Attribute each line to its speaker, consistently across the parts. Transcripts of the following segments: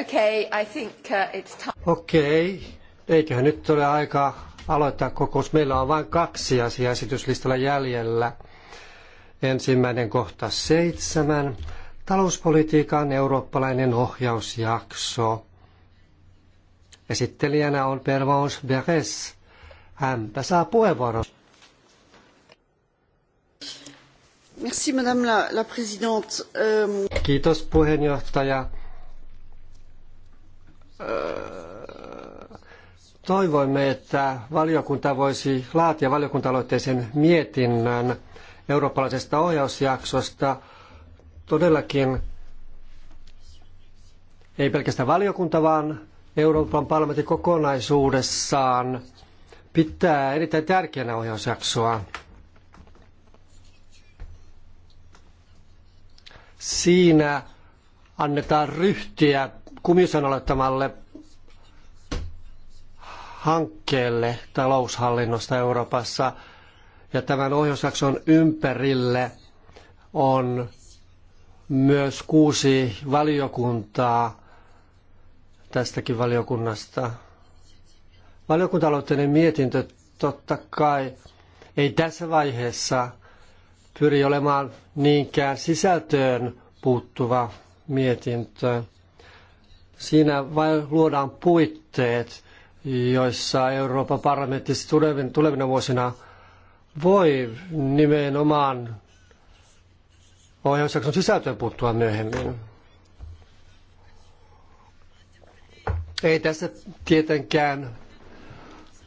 Speaker 1: Okei, okay, I think uh, it's time.
Speaker 2: Okei, eiköhän nyt ole aika aloittaa kokous. Meillä on vain kaksi asiaa esityslistalla jäljellä. Ensimmäinen kohta seitsemän. Talouspolitiikan eurooppalainen ohjausjakso. Esittelijänä on Pervance Beres. Hänpä saa puheenvuoron. Merci, madame la, la présidente. Euh, Kiitos puheenjohtaja toivoimme, että valiokunta voisi laatia valiokuntaloitteisen mietinnön eurooppalaisesta ohjausjaksosta. Todellakin ei pelkästään valiokunta, vaan Euroopan parlamentti kokonaisuudessaan pitää erittäin tärkeänä ohjausjaksoa. Siinä annetaan ryhtiä komission aloittamalle hankkeelle taloushallinnosta Euroopassa. Ja tämän ohjausjakson ympärille on myös kuusi valiokuntaa tästäkin valiokunnasta. valiokunta mietintö totta kai ei tässä vaiheessa pyri olemaan niinkään sisältöön puuttuva mietintö. Siinä vain luodaan puitteet, joissa Euroopan parlamentti tulevina vuosina voi nimenomaan ohjausjakson sisältöön puuttua myöhemmin. Ei tässä tietenkään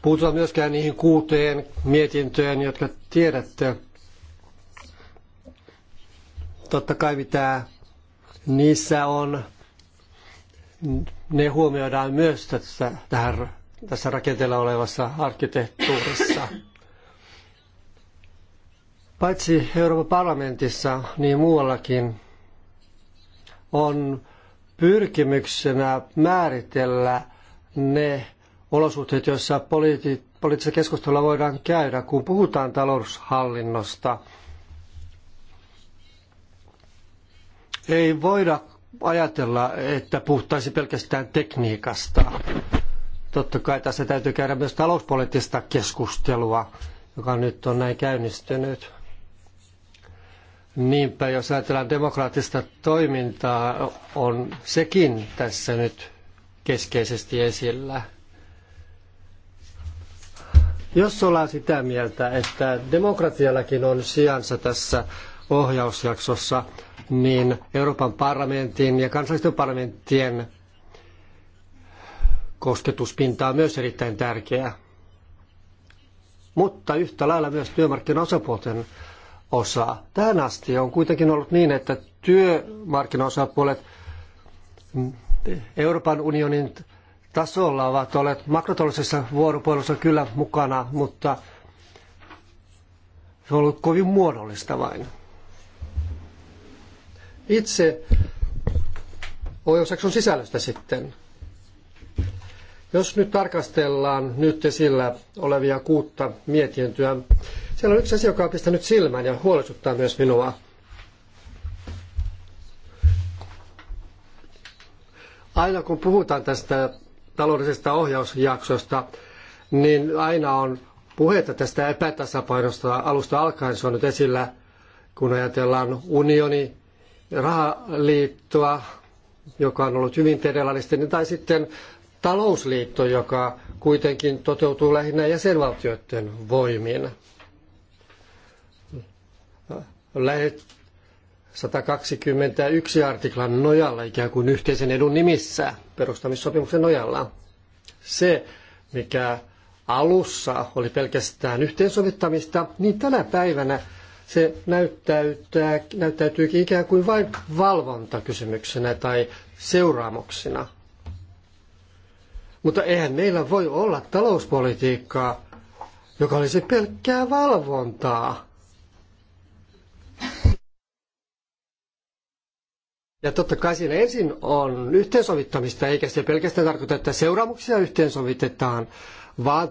Speaker 2: puututa myöskään niihin kuuteen mietintöön, jotka tiedätte. Totta kai mitä niissä on ne huomioidaan myös tässä, tähän, tässä rakenteella olevassa arkkitehtuurissa. Paitsi Euroopan parlamentissa, niin muuallakin on pyrkimyksenä määritellä ne olosuhteet, joissa poliitit keskustelua voidaan käydä, kun puhutaan taloushallinnosta. Ei voida ajatella, että puhuttaisiin pelkästään tekniikasta. Totta kai tässä täytyy käydä myös talouspoliittista keskustelua, joka nyt on näin käynnistynyt. Niinpä, jos ajatellaan demokraattista toimintaa, on sekin tässä nyt keskeisesti esillä. Jos ollaan sitä mieltä, että demokratiallakin on sijansa tässä ohjausjaksossa, niin Euroopan parlamentin ja kansallisten parlamenttien kosketuspinta on myös erittäin tärkeä, Mutta yhtä lailla myös työmarkkinaosapuolten osa. Tähän asti on kuitenkin ollut niin, että työmarkkinaosapuolet Euroopan unionin tasolla ovat olleet makrotaloudellisessa vuoropuhelussa kyllä mukana, mutta se on ollut kovin muodollista vain itse ohjausjakson sisällöstä sitten. Jos nyt tarkastellaan nyt esillä olevia kuutta mietintöä, siellä on yksi asia, joka on pistänyt silmään ja huolestuttaa myös minua. Aina kun puhutaan tästä taloudellisesta ohjausjaksosta, niin aina on puhetta tästä epätasapainosta alusta alkaen. Se on nyt esillä, kun ajatellaan unioni rahaliittoa, joka on ollut hyvin federalistinen, tai sitten talousliitto, joka kuitenkin toteutuu lähinnä jäsenvaltioiden voimin. Lähet 121 artiklan nojalla ikään kuin yhteisen edun nimissä perustamissopimuksen nojalla. Se, mikä alussa oli pelkästään yhteensovittamista, niin tänä päivänä se näyttäytää, näyttäytyykin ikään kuin vain valvontakysymyksenä tai seuraamuksina. Mutta eihän meillä voi olla talouspolitiikkaa, joka olisi pelkkää valvontaa. Ja totta kai siinä ensin on yhteensovittamista, eikä se pelkästään tarkoita, että seuraamuksia yhteensovitetaan, vaan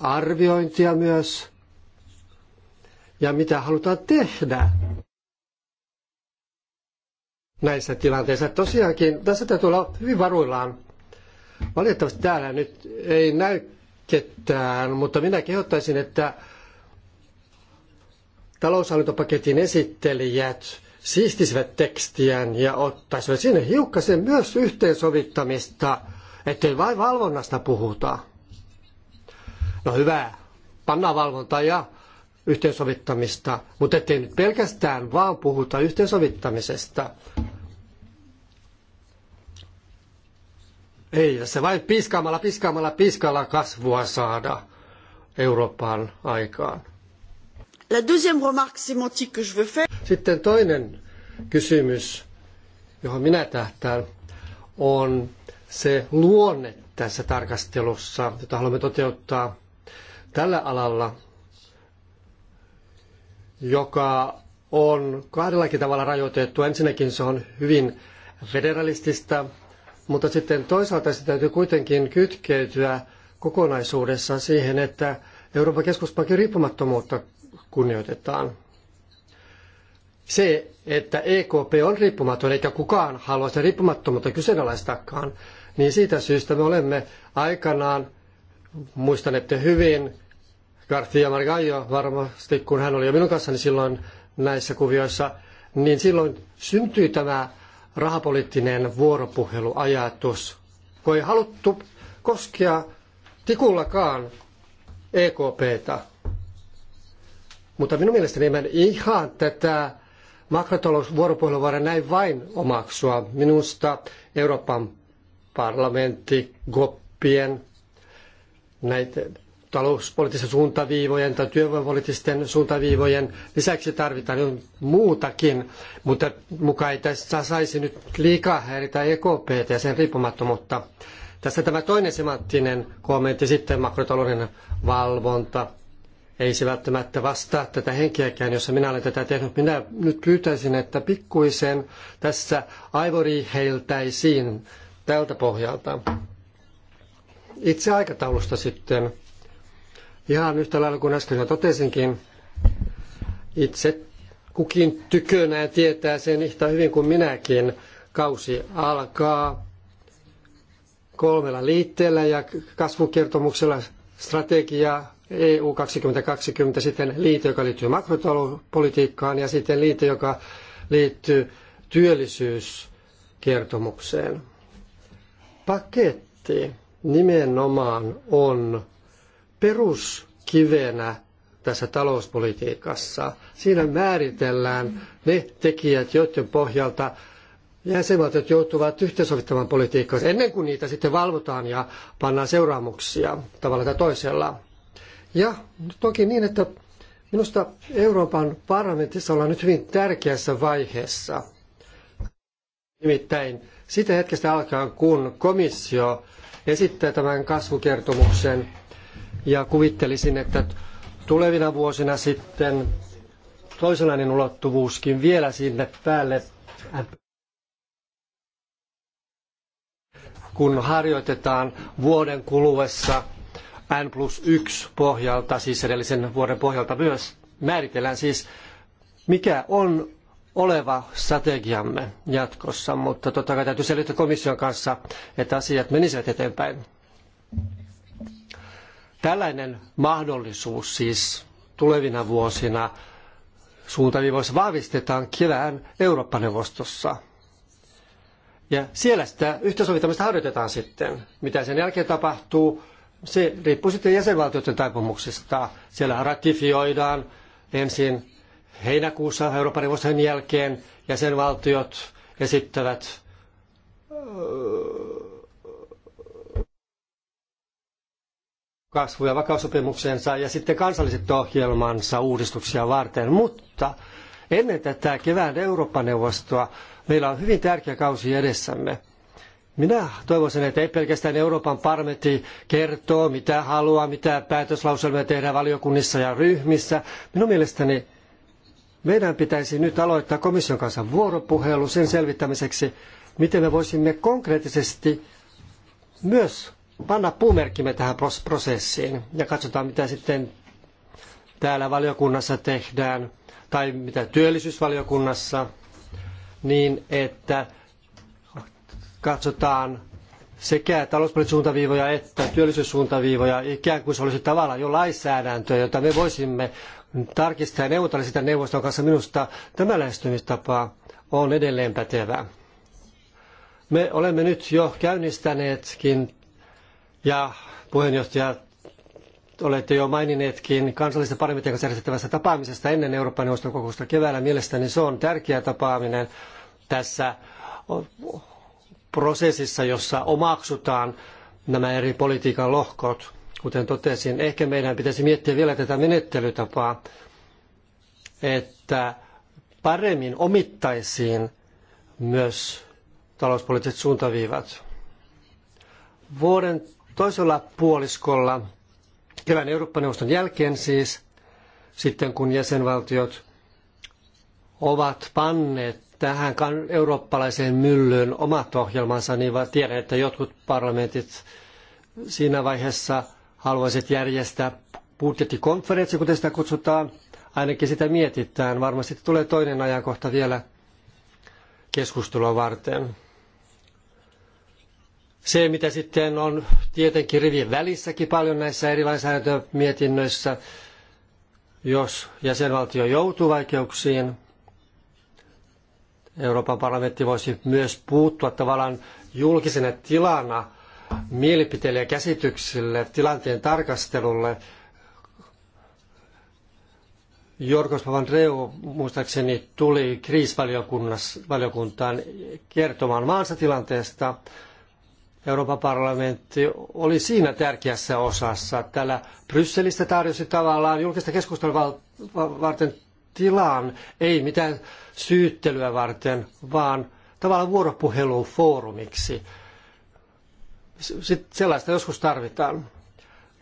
Speaker 2: arviointia myös – ja mitä halutaan tehdä näissä tilanteissa. Tosiaankin tässä täytyy olla hyvin varuillaan. Valitettavasti täällä nyt ei näy ketään, mutta minä kehottaisin, että taloushallintopaketin esittelijät siistisivät tekstiään ja ottaisivat sinne hiukkasen myös yhteensovittamista, ettei vain valvonnasta puhuta. No hyvä, panna valvonta ja yhteensovittamista, mutta ettei nyt pelkästään vaan puhuta yhteensovittamisesta. Ei, se vain piskaamalla, piskaamalla, piskalla kasvua saada Euroopan aikaan. La deuxième remarque sémantique que je veux faire. Sitten toinen kysymys, johon minä tähtään, on se luonne tässä tarkastelussa, jota haluamme toteuttaa tällä alalla joka on kahdellakin tavalla rajoitettu. Ensinnäkin se on hyvin federalistista, mutta sitten toisaalta se täytyy kuitenkin kytkeytyä kokonaisuudessaan siihen, että Euroopan keskuspankin riippumattomuutta kunnioitetaan. Se, että EKP on riippumaton, eikä kukaan halua sitä riippumattomuutta kyseenalaistakaan, niin siitä syystä me olemme aikanaan, muistanette hyvin, Garcia Margallo varmasti, kun hän oli jo minun kanssani silloin näissä kuvioissa, niin silloin syntyi tämä rahapoliittinen vuoropuheluajatus, kun ei haluttu koskea tikullakaan EKPtä. Mutta minun mielestäni en ihan tätä makrotalousvuoropuhelua voida näin vain omaksua. Minusta Euroopan parlamentti, GOPPien, näiden talouspoliittisten suuntaviivojen tai työvoimapoliittisten suuntaviivojen lisäksi tarvitaan muutakin, mutta mukaan ei tässä saisi nyt liikaa häiritä EKPtä ja sen riippumattomuutta. Tässä tämä toinen semanttinen kommentti sitten makrotalouden valvonta. Ei se välttämättä vastaa tätä henkeäkään, jossa minä olen tätä tehnyt. Minä nyt pyytäisin, että pikkuisen tässä aivoriheiltäisiin tältä pohjalta. Itse aikataulusta sitten Ihan yhtä lailla kuin äsken jo totesinkin, itse kukin tykönä tietää sen yhtä hyvin kuin minäkin. Kausi alkaa kolmella liitteellä ja kasvukertomuksella strategia EU 2020, sitten liite, joka liittyy makrotalouspolitiikkaan ja sitten liite, joka liittyy työllisyyskertomukseen. Paketti nimenomaan on peruskivenä tässä talouspolitiikassa. Siinä määritellään ne tekijät, joiden pohjalta jäsenvaltiot joutuvat yhteensovittamaan politiikkaa ennen kuin niitä sitten valvotaan ja pannaan seuraamuksia tavalla tai toisella. Ja toki niin, että minusta Euroopan parlamentissa ollaan nyt hyvin tärkeässä vaiheessa. Nimittäin sitä hetkestä alkaen, kun komissio esittää tämän kasvukertomuksen – ja kuvittelisin, että tulevina vuosina sitten toisenlainen ulottuvuuskin vielä sinne päälle, kun harjoitetaan vuoden kuluessa N plus 1 pohjalta, siis edellisen vuoden pohjalta myös, määritellään siis, mikä on oleva strategiamme jatkossa, mutta totta kai täytyy selvittää komission kanssa, että asiat menisivät eteenpäin. Tällainen mahdollisuus siis tulevina vuosina suuntaviivoissa vahvistetaan kevään Eurooppa-neuvostossa. Ja siellä sitä yhteensovittamista harjoitetaan sitten. Mitä sen jälkeen tapahtuu, se riippuu sitten jäsenvaltioiden taipumuksista. Siellä ratifioidaan ensin heinäkuussa Euroopan neuvoston jälkeen jäsenvaltiot esittävät öö, kasvu- ja vakaussopimuksensa ja sitten kansalliset ohjelmansa uudistuksia varten. Mutta ennen tätä kevään Eurooppa-neuvostoa meillä on hyvin tärkeä kausi edessämme. Minä toivoisin, että ei pelkästään Euroopan parlamentti kertoo, mitä haluaa, mitä päätöslauselmia tehdään valiokunnissa ja ryhmissä. Minun mielestäni meidän pitäisi nyt aloittaa komission kanssa vuoropuhelu sen selvittämiseksi, miten me voisimme konkreettisesti myös panna puumerkkimme tähän prosessiin ja katsotaan, mitä sitten täällä valiokunnassa tehdään tai mitä työllisyysvaliokunnassa, niin että katsotaan sekä talouspoliittisia suuntaviivoja että työllisyyssuuntaviivoja ikään kuin se olisi tavallaan jo lainsäädäntöä, jota me voisimme tarkistaa ja neuvotella sitä neuvoston kanssa. Minusta tämä lähestymistapa on edelleen pätevä. Me olemme nyt jo käynnistäneetkin ja puheenjohtaja, olette jo maininneetkin kansallista parlamentin kanssa järjestettävästä tapaamisesta ennen Euroopan neuvoston kokousta keväällä. Mielestäni se on tärkeä tapaaminen tässä prosessissa, jossa omaksutaan nämä eri politiikan lohkot. Kuten totesin, ehkä meidän pitäisi miettiä vielä tätä menettelytapaa, että paremmin omittaisiin myös talouspoliittiset suuntaviivat. Vuoden toisella puoliskolla, kevään Eurooppa-neuvoston jälkeen siis, sitten kun jäsenvaltiot ovat panneet tähän eurooppalaiseen myllyyn omat ohjelmansa, niin tiedän, että jotkut parlamentit siinä vaiheessa haluaisivat järjestää budjettikonferenssi, kuten sitä kutsutaan. Ainakin sitä mietitään. Varmasti tulee toinen ajankohta vielä keskustelua varten. Se, mitä sitten on tietenkin rivien välissäkin paljon näissä eri lainsäädäntömietinnöissä, jos jäsenvaltio joutuu vaikeuksiin, Euroopan parlamentti voisi myös puuttua tavallaan julkisena tilana mielipiteille ja käsityksille, tilanteen tarkastelulle. Jorgos Papandreou muistaakseni tuli kriisivaliokuntaan kertomaan maansa tilanteesta Euroopan parlamentti oli siinä tärkeässä osassa. Täällä Brysselissä tarjosi tavallaan julkista keskustelua varten tilan, ei mitään syyttelyä varten, vaan tavallaan vuoropuhelun foorumiksi. Sitten sellaista joskus tarvitaan.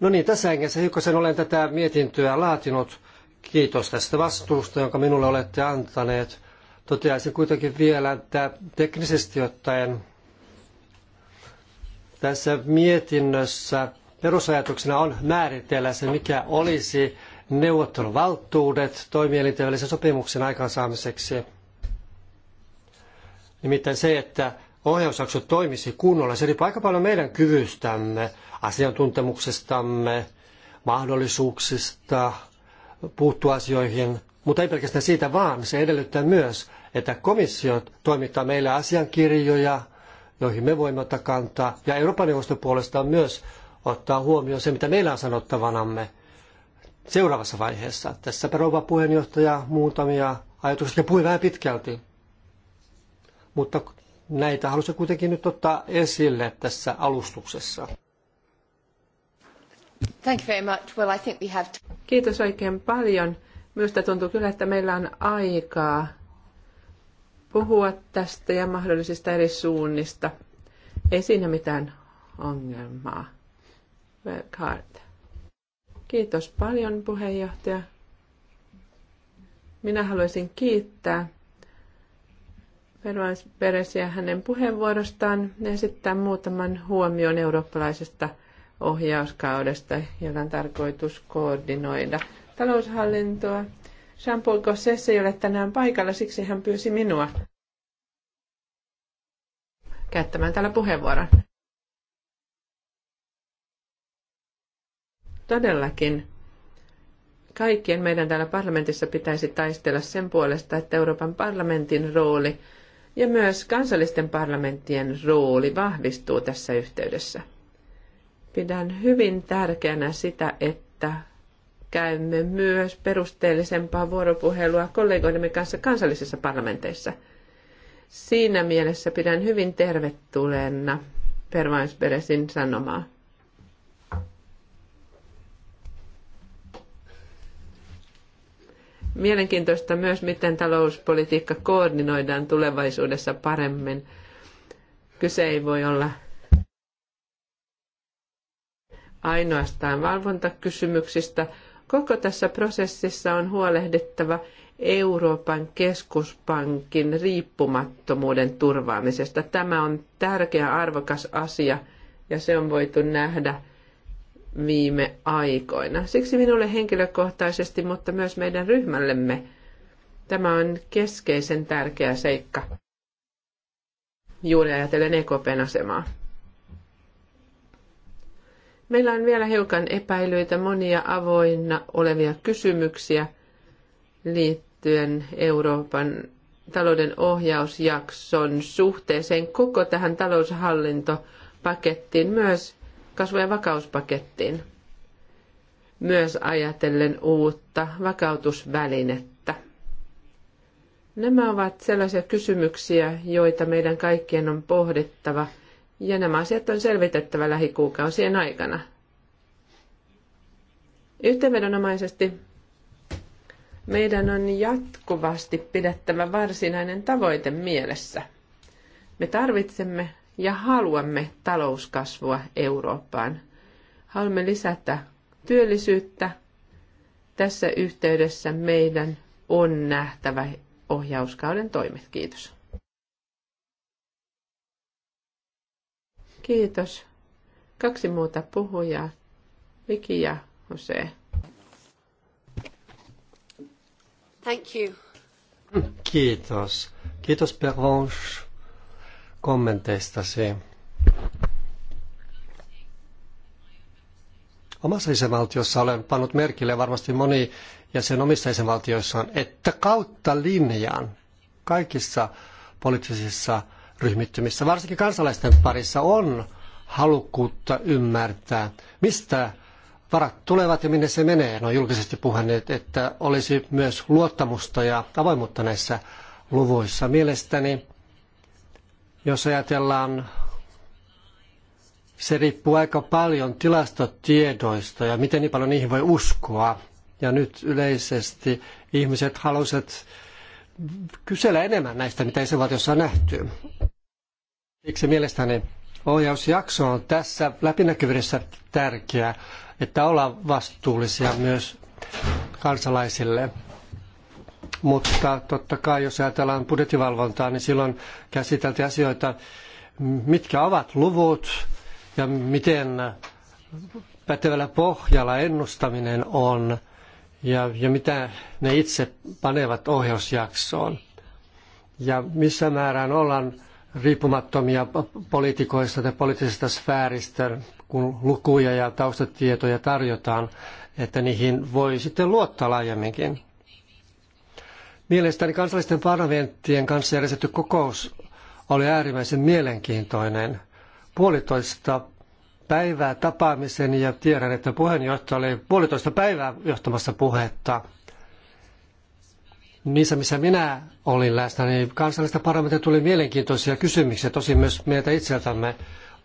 Speaker 2: No niin, tässä hengessä Hiukkasen olen tätä mietintöä laatinut. Kiitos tästä vastuusta, jonka minulle olette antaneet. Toteaisin kuitenkin vielä, että teknisesti ottaen tässä mietinnössä perusajatuksena on määritellä se, mikä olisi neuvotteluvaltuudet toimielinten välisen sopimuksen aikaansaamiseksi. Nimittäin se, että ohjausjakso toimisi kunnolla, se riippuu aika paljon meidän kyvystämme, asiantuntemuksestamme, mahdollisuuksista puuttua asioihin, mutta ei pelkästään siitä, vaan se edellyttää myös, että komissio toimittaa meille asiankirjoja, joihin me voimme ottaa kantaa. Ja Euroopan neuvosto puolestaan myös ottaa huomioon se, mitä meillä on sanottavanamme seuraavassa vaiheessa. Tässä rouva puheenjohtaja muutamia ajatuksia ja puhui vähän pitkälti. Mutta näitä halusin kuitenkin nyt ottaa esille tässä alustuksessa.
Speaker 1: Thank you very much. Well, I
Speaker 3: think we have to... Kiitos oikein paljon. Minusta tuntuu kyllä, että meillä on aikaa puhua tästä ja mahdollisista eri suunnista. Ei siinä mitään ongelmaa. Welcard. Kiitos paljon puheenjohtaja. Minä haluaisin kiittää Peresiä hänen puheenvuorostaan ja esittää muutaman huomion eurooppalaisesta ohjauskaudesta, jolla on tarkoitus koordinoida taloushallintoa, Jean-Paul Gosses ei ole tänään paikalla, siksi hän pyysi minua käyttämään täällä puheenvuoron. Todellakin kaikkien meidän täällä parlamentissa pitäisi taistella sen puolesta, että Euroopan parlamentin rooli ja myös kansallisten parlamenttien rooli vahvistuu tässä yhteydessä. Pidän hyvin tärkeänä sitä, että käymme myös perusteellisempaa vuoropuhelua kollegoidemme kanssa kansallisissa parlamenteissa. Siinä mielessä pidän hyvin tervetulleena Pervansperesin sanomaa. Mielenkiintoista myös, miten talouspolitiikka koordinoidaan tulevaisuudessa paremmin. Kyse ei voi olla ainoastaan valvontakysymyksistä, Koko tässä prosessissa on huolehdittava Euroopan keskuspankin riippumattomuuden turvaamisesta. Tämä on tärkeä arvokas asia ja se on voitu nähdä viime aikoina. Siksi minulle henkilökohtaisesti, mutta myös meidän ryhmällemme tämä on keskeisen tärkeä seikka. Juuri ajatellen EKPn asemaa. Meillä on vielä hiukan epäilyitä, monia avoinna olevia kysymyksiä liittyen Euroopan talouden ohjausjakson suhteeseen koko tähän taloushallintopakettiin, myös kasvu- ja vakauspakettiin, myös ajatellen uutta vakautusvälinettä. Nämä ovat sellaisia kysymyksiä, joita meidän kaikkien on pohdittava – ja nämä asiat on selvitettävä lähikuukausien aikana. Yhteenvedonomaisesti meidän on jatkuvasti pidettävä varsinainen tavoite mielessä. Me tarvitsemme ja haluamme talouskasvua Eurooppaan. Haluamme lisätä työllisyyttä. Tässä yhteydessä meidän on nähtävä ohjauskauden toimet. Kiitos. Kiitos. Kaksi muuta puhujaa. Viki ja Jose.
Speaker 1: Thank you.
Speaker 2: Kiitos. Kiitos Perange kommenteistasi. Omassa isänvaltiossa olen pannut merkille varmasti moni ja sen omissa isänvaltioissaan, että kautta linjaan kaikissa poliittisissa ryhmittymissä, varsinkin kansalaisten parissa, on halukkuutta ymmärtää, mistä varat tulevat ja minne se menee. No julkisesti puhuneet, että olisi myös luottamusta ja avoimuutta näissä luvuissa. Mielestäni, jos ajatellaan, se riippuu aika paljon tilastotiedoista ja miten niin paljon niihin voi uskoa. Ja nyt yleisesti ihmiset halusivat kysellä enemmän näistä, mitä jäsenvaltiossa on nähty. Miksi mielestäni ohjausjakso on tässä läpinäkyvyydessä tärkeää, että ollaan vastuullisia myös kansalaisille. Mutta totta kai, jos ajatellaan budjettivalvontaa, niin silloin käsiteltiin asioita, mitkä ovat luvut ja miten pätevällä pohjalla ennustaminen on ja, ja mitä ne itse panevat ohjausjaksoon. Ja missä määrään ollaan riippumattomia poliitikoista tai poliittisesta sfääristä, kun lukuja ja taustatietoja tarjotaan, että niihin voi sitten luottaa laajemminkin. Mielestäni kansallisten parlamenttien kanssa järjestetty kokous oli äärimmäisen mielenkiintoinen. Puolitoista päivää tapaamisen ja tiedän, että puheenjohtaja oli puolitoista päivää johtamassa puhetta niissä, missä minä olin läsnä, niin kansallista parlamentia tuli mielenkiintoisia kysymyksiä, tosi myös meiltä itseltämme.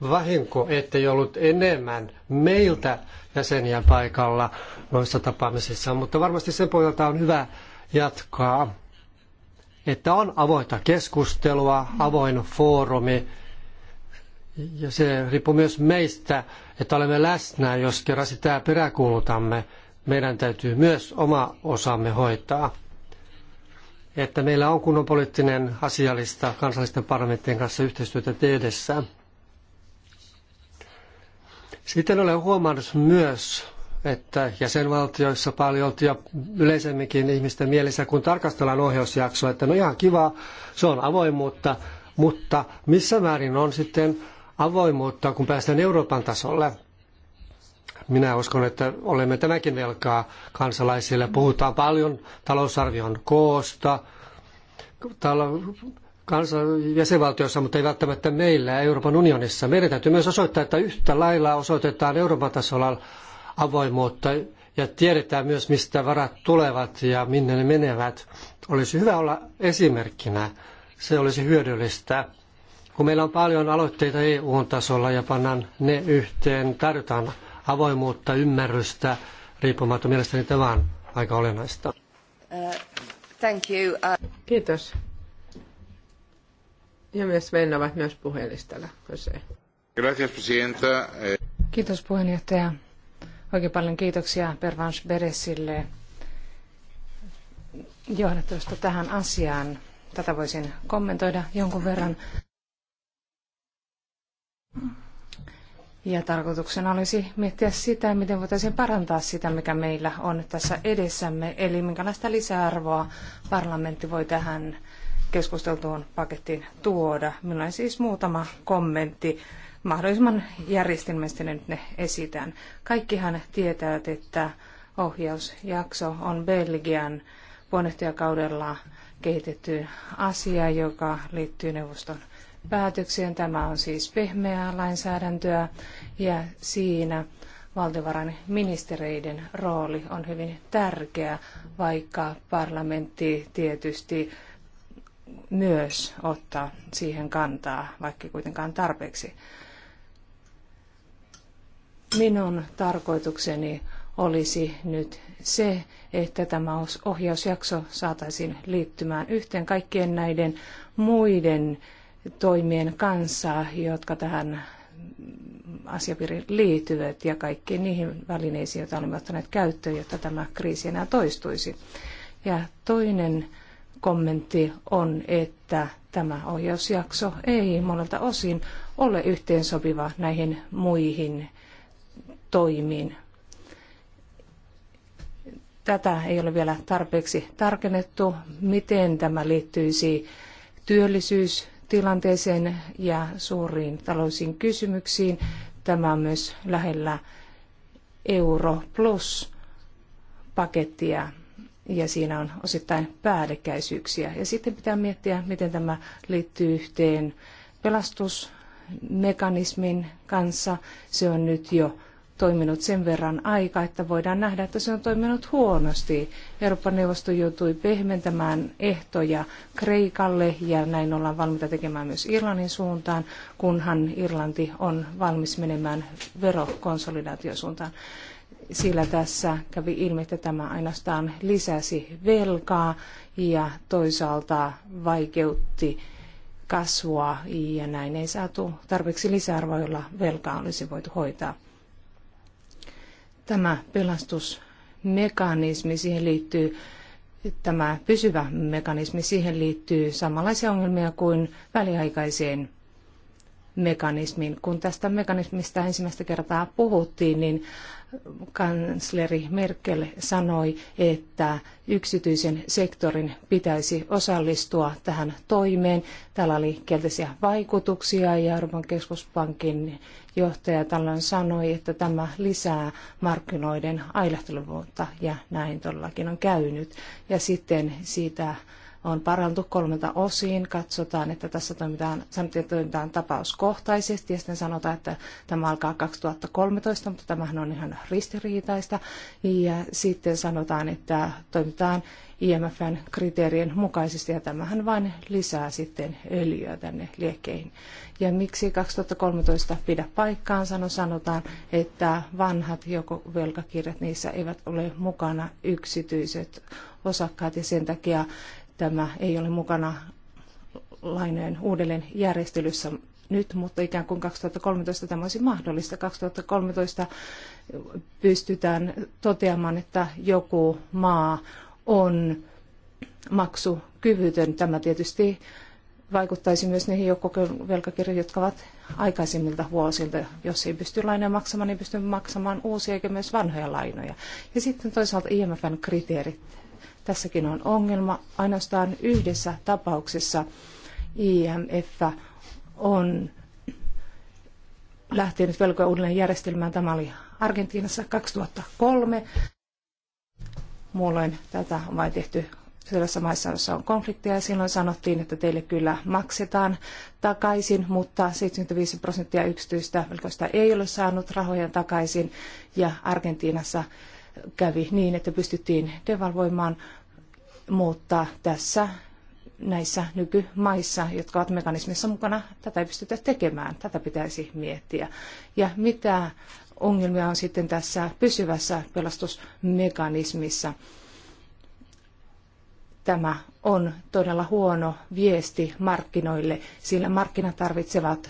Speaker 2: Vahinko, ettei ollut enemmän meiltä jäseniä paikalla noissa tapaamisissa, mutta varmasti sen pohjalta on hyvä jatkaa, että on avointa keskustelua, avoin foorumi, ja se riippuu myös meistä, että olemme läsnä, jos kerran sitä peräkuulutamme. Meidän täytyy myös oma osamme hoitaa että meillä on kunnon poliittinen asiallista kansallisten parlamenttien kanssa yhteistyötä tehdessä. Sitten olen huomannut myös, että jäsenvaltioissa paljon ja yleisemminkin ihmisten mielessä, kun tarkastellaan ohjausjaksoa, että no ihan kiva, se on avoimuutta, mutta missä määrin on sitten avoimuutta, kun päästään Euroopan tasolle? Minä uskon, että olemme tänäkin velkaa kansalaisille. Puhutaan paljon talousarvion koosta tal- jäsenvaltioissa, mutta ei välttämättä meillä Euroopan unionissa. Meidän täytyy myös osoittaa, että yhtä lailla osoitetaan Euroopan tasolla avoimuutta ja tiedetään myös, mistä varat tulevat ja minne ne menevät. Olisi hyvä olla esimerkkinä. Se olisi hyödyllistä. Kun meillä on paljon aloitteita EU-tasolla ja pannaan ne yhteen, tarjotaan avoimuutta, ymmärrystä, riippumatta mielestäni tämä on aika olennaista.
Speaker 3: Uh, thank you. Uh, Kiitos. Ja myös Venn ovat myös puhelistalla.
Speaker 2: Gracias, presidenta. Eh.
Speaker 1: Kiitos puheenjohtaja. Oikein paljon kiitoksia Pervans Beresille johdatusta tähän asiaan. Tätä voisin kommentoida jonkun verran. Ja tarkoituksena olisi miettiä sitä, miten voitaisiin parantaa sitä, mikä meillä on tässä edessämme, eli minkälaista lisäarvoa parlamentti voi tähän keskusteltuun pakettiin tuoda. Minulla on siis muutama kommentti. Mahdollisimman järjestelmästi nyt ne esitän. Kaikkihan tietävät, että ohjausjakso on Belgian puheenjohtajakaudella kehitetty asia, joka liittyy neuvoston päätökseen. Tämä on siis pehmeää lainsäädäntöä ja siinä valtiovarainministereiden rooli on hyvin tärkeä, vaikka parlamentti tietysti myös ottaa siihen kantaa, vaikka kuitenkaan tarpeeksi. Minun tarkoitukseni olisi nyt se, että tämä ohjausjakso saataisiin liittymään yhteen kaikkien näiden muiden toimien kanssa, jotka tähän asiapiiriin liittyvät ja kaikkiin niihin välineisiin, joita olemme ottaneet käyttöön, jotta tämä kriisi enää toistuisi. Ja toinen kommentti on, että tämä ohjausjakso ei monelta osin ole yhteensopiva näihin muihin toimiin. Tätä ei ole vielä tarpeeksi tarkennettu, miten tämä liittyisi työllisyys tilanteeseen ja suuriin taloudellisiin kysymyksiin. Tämä on myös lähellä Euro Plus pakettia ja siinä on osittain päällekkäisyyksiä. Ja sitten pitää miettiä, miten tämä liittyy yhteen pelastusmekanismin kanssa. Se on nyt jo toiminut sen verran aikaa, että voidaan nähdä, että se on toiminut huonosti. Euroopan neuvosto joutui pehmentämään ehtoja Kreikalle ja näin ollaan valmiita tekemään myös Irlannin suuntaan, kunhan Irlanti on valmis menemään verokonsolidaatiosuuntaan. Sillä tässä kävi ilmi, että tämä ainoastaan lisäsi velkaa ja toisaalta vaikeutti kasvua ja näin ei saatu tarpeeksi lisäarvoa, jolla velkaa olisi voitu hoitaa Tämä pelastusmekanismi, siihen liittyy tämä pysyvä mekanismi, siihen liittyy samanlaisia ongelmia kuin väliaikaiseen mekanismin. Kun tästä mekanismista ensimmäistä kertaa puhuttiin, niin kansleri Merkel sanoi, että yksityisen sektorin pitäisi osallistua tähän toimeen. Tällä oli kielteisiä vaikutuksia ja Euroopan keskuspankin johtaja tällöin sanoi, että tämä lisää markkinoiden ailahteluvuutta ja näin todellakin on käynyt. Ja sitten siitä on paranneltu kolmelta osin. Katsotaan, että tässä toimitaan, sanottiin, toimitaan tapauskohtaisesti ja sitten sanotaan, että tämä alkaa 2013, mutta tämähän on ihan ristiriitaista. Ja sitten sanotaan, että toimitaan IMFn kriteerien mukaisesti ja tämähän vain lisää sitten öljyä tänne liekkeihin. Ja miksi 2013 pidä paikkaansa? No sanotaan, että vanhat joko velkakirjat, niissä eivät ole mukana yksityiset osakkaat ja sen takia tämä ei ole mukana lainojen uudelleen järjestelyssä nyt, mutta ikään kuin 2013 tämä olisi mahdollista. 2013 pystytään toteamaan, että joku maa on maksukyvytön. Tämä tietysti vaikuttaisi myös niihin joukkovelkakirjoihin, jotka ovat aikaisemmilta vuosilta. Jos ei pysty lainoja maksamaan, niin pystyy maksamaan uusia eikä myös vanhoja lainoja. Ja sitten toisaalta IMFn kriteerit Tässäkin on ongelma. Ainoastaan yhdessä tapauksessa IMF on lähtenyt velkoja uudelleen järjestelmään. Tämä oli Argentiinassa 2003. Muulloin tätä on vain tehty sellaisissa maissa, joissa on konflikteja, ja silloin sanottiin, että teille kyllä maksetaan takaisin, mutta 75 prosenttia yksityistä velkoista ei ole saanut rahoja takaisin, ja Argentiinassa kävi niin, että pystyttiin devalvoimaan mutta tässä näissä nykymaissa, jotka ovat mekanismissa mukana, tätä ei pystytä tekemään. Tätä pitäisi miettiä. Ja mitä ongelmia on sitten tässä pysyvässä pelastusmekanismissa? Tämä on todella huono viesti markkinoille, sillä markkinat tarvitsevat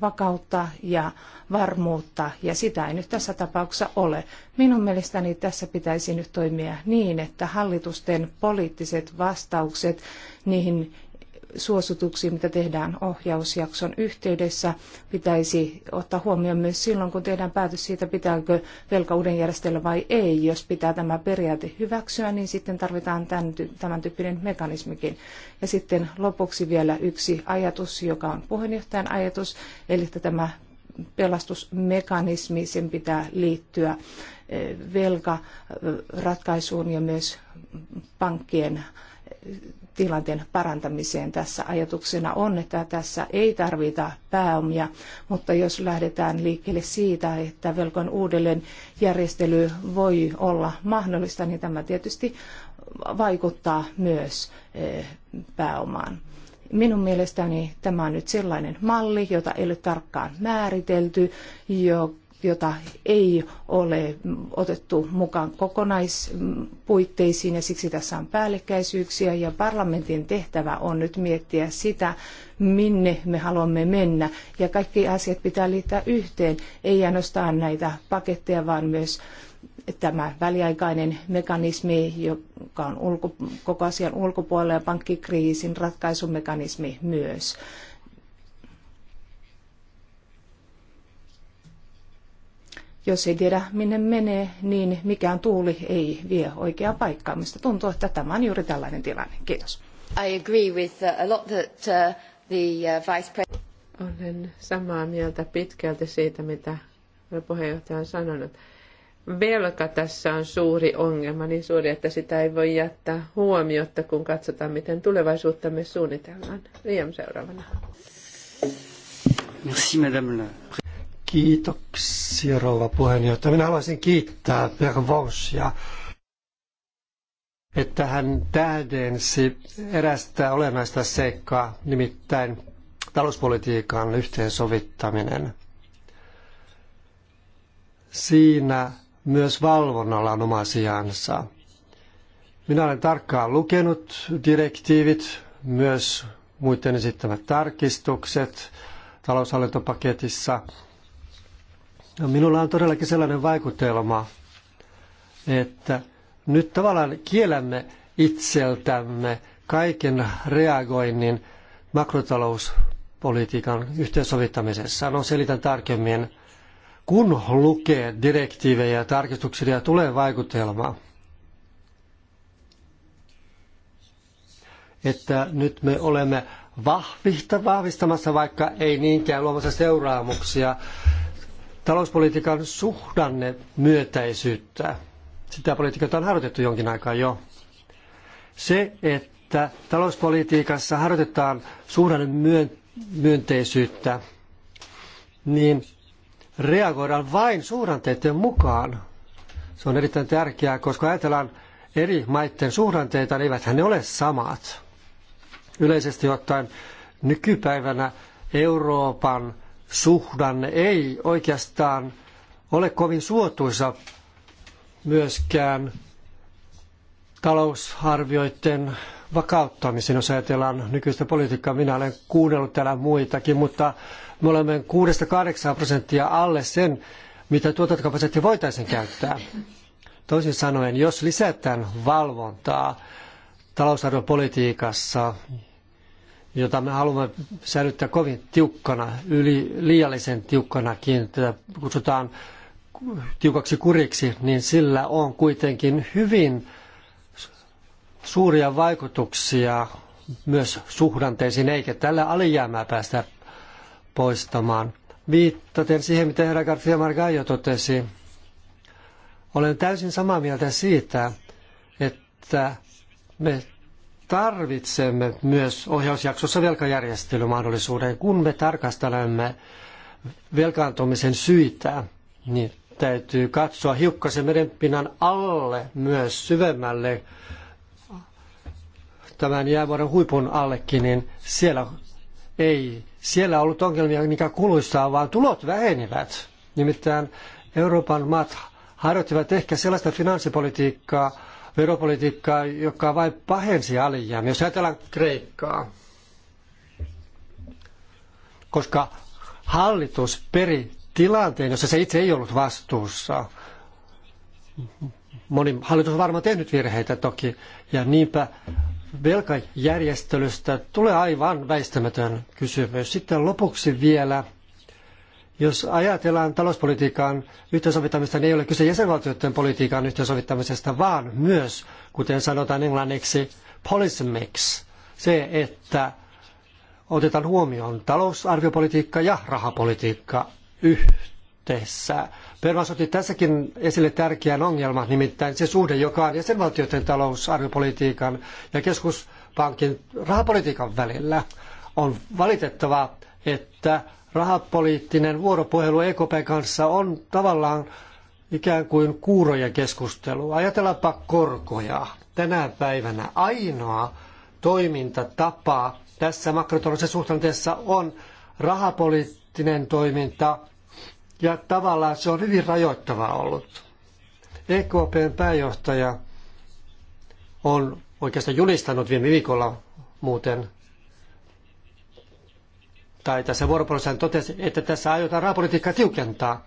Speaker 1: vakautta ja varmuutta, ja sitä ei nyt tässä tapauksessa ole. Minun mielestäni tässä pitäisi nyt toimia niin, että hallitusten poliittiset vastaukset niihin suosituksiin, mitä tehdään ohjausjakson yhteydessä, pitäisi ottaa huomioon myös silloin, kun tehdään päätös siitä, pitääkö velka uuden järjestelmä vai ei. Jos pitää tämä periaate hyväksyä, niin sitten tarvitaan tämän, tämän tyyppinen mekanismikin. Ja sitten lopuksi vielä yksi ajatus, joka on puheenjohtajan ajatus, eli että tämä pelastusmekanismi, sen pitää liittyä e, velkaratkaisuun ja myös pankkien e, tilanteen parantamiseen. Tässä ajatuksena on, että tässä ei tarvita pääomia, mutta jos lähdetään liikkeelle siitä, että velkojen uudelleen järjestely voi olla mahdollista, niin tämä tietysti vaikuttaa myös eh, pääomaan. Minun mielestäni tämä on nyt sellainen malli, jota ei ole tarkkaan määritelty, joka jota ei ole otettu mukaan kokonaispuitteisiin ja siksi tässä on päällekkäisyyksiä ja parlamentin tehtävä on nyt miettiä sitä, minne me haluamme mennä ja kaikki asiat pitää liittää yhteen, ei ainoastaan näitä paketteja, vaan myös tämä väliaikainen mekanismi, joka on ulko, koko asian ulkopuolella ja pankkikriisin ratkaisumekanismi myös. Jos ei tiedä minne menee, niin mikään tuuli ei vie oikeaa paikkaa, mistä tuntuu, että tämä on juuri tällainen tilanne. Kiitos. I agree with uh, a lot that uh, the uh, vice president... Olen samaa mieltä pitkälti
Speaker 3: siitä, mitä puheenjohtaja on sanonut. Velka tässä on suuri ongelma, niin suuri, että sitä ei voi jättää huomiotta, kun katsotaan, miten tulevaisuutta me suunnitellaan. Liam seuraavana.
Speaker 2: Merci, madame la... Kiitoksia rouva puheenjohtaja. Minä haluaisin kiittää Pervonsia, että hän tähdensi erästä olennaista seikkaa, nimittäin talouspolitiikan yhteensovittaminen. Siinä myös valvonnalla on oma sijansa. Minä olen tarkkaan lukenut direktiivit, myös muiden esittämät tarkistukset taloushallintopaketissa – No, minulla on todellakin sellainen vaikutelma, että nyt tavallaan kielämme itseltämme kaiken reagoinnin makrotalouspolitiikan yhteensovittamisessa. No selitän tarkemmin. Kun lukee direktiivejä ja tarkistuksia, tulee vaikutelma, että nyt me olemme vahvista vahvistamassa, vaikka ei niinkään luomassa seuraamuksia talouspolitiikan suhdanne myötäisyyttä. Sitä politiikkaa on harjoitettu jonkin aikaa jo. Se, että talouspolitiikassa harjoitetaan suhdanne myönteisyyttä, niin reagoidaan vain suhdanteiden mukaan. Se on erittäin tärkeää, koska ajatellaan eri maiden suhdanteita, niin eiväthän ne ole samat. Yleisesti ottaen nykypäivänä Euroopan suhdanne ei oikeastaan ole kovin suotuisa myöskään talousarvioiden vakauttamisen, jos ajatellaan nykyistä politiikkaa. Minä olen kuunnellut täällä muitakin, mutta me olemme 6-8 prosenttia alle sen, mitä tuotantokapasiteetti voitaisiin käyttää. Toisin sanoen, jos lisätään valvontaa talousarvopolitiikassa, jota me haluamme säilyttää kovin tiukkana, yli, liiallisen tiukkanakin, tätä kutsutaan tiukaksi kuriksi, niin sillä on kuitenkin hyvin suuria vaikutuksia myös suhdanteisiin, eikä tällä alijäämää päästä poistamaan. Viittaten siihen, mitä herra García Margallo totesi, olen täysin samaa mieltä siitä, että me tarvitsemme myös ohjausjaksossa velkajärjestelymahdollisuuden. Kun me tarkastelemme velkaantumisen syitä, niin täytyy katsoa hiukkasen merenpinnan alle myös syvemmälle tämän jäävuoren huipun allekin, niin siellä ei siellä ollut ongelmia mikä kuluissa, vaan tulot vähenivät. Nimittäin Euroopan maat harjoittivat ehkä sellaista finanssipolitiikkaa, veropolitiikkaa, joka vain pahensi alijäämiä. Jos ajatellaan Kreikkaa, koska hallitus peri tilanteen, jossa se itse ei ollut vastuussa. Moni hallitus on varmaan tehnyt virheitä toki, ja niinpä velkajärjestelystä tulee aivan väistämätön kysymys. Sitten lopuksi vielä – jos ajatellaan talouspolitiikan yhteensovittamista, niin ei ole kyse jäsenvaltioiden politiikan yhteensovittamisesta, vaan myös, kuten sanotaan englanniksi, policy mix. Se, että otetaan huomioon talousarviopolitiikka ja rahapolitiikka yhdessä. Pervas otti tässäkin esille tärkeän ongelman, nimittäin se suhde, joka on jäsenvaltioiden talousarviopolitiikan ja keskuspankin rahapolitiikan välillä. On valitettavaa, että rahapoliittinen vuoropuhelu EKPn kanssa on tavallaan ikään kuin kuuroja keskustelu. Ajatellaanpa korkoja. Tänä päivänä ainoa toimintatapa tässä makrotaloudellisessa suhdanteessa on rahapoliittinen toiminta ja tavallaan se on hyvin rajoittavaa ollut. EKPn pääjohtaja on oikeastaan julistanut viime viikolla muuten tai tässä vuoropuolessa hän totesi, että tässä aiotaan rahapolitiikkaa tiukentaa.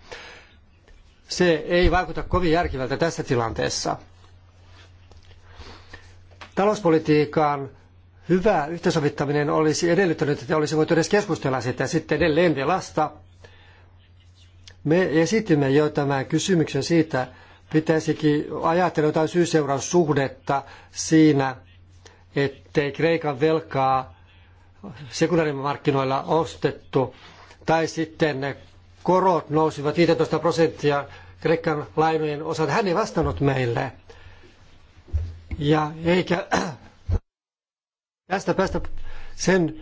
Speaker 2: Se ei vaikuta kovin järkevältä tässä tilanteessa. Talouspolitiikan hyvä yhteensovittaminen olisi edellyttänyt, että olisi voitu edes keskustella sitä sitten edelleen velasta. Me esitimme jo tämän kysymyksen siitä, pitäisikin ajatella jotain syy-seuraussuhdetta siinä, ettei Kreikan velkaa sekundaarimarkkinoilla ostettu, tai sitten ne korot nousivat 15 prosenttia Kreikan lainojen osalta. Hän ei vastannut meille. Ja eikä tästä päästä sen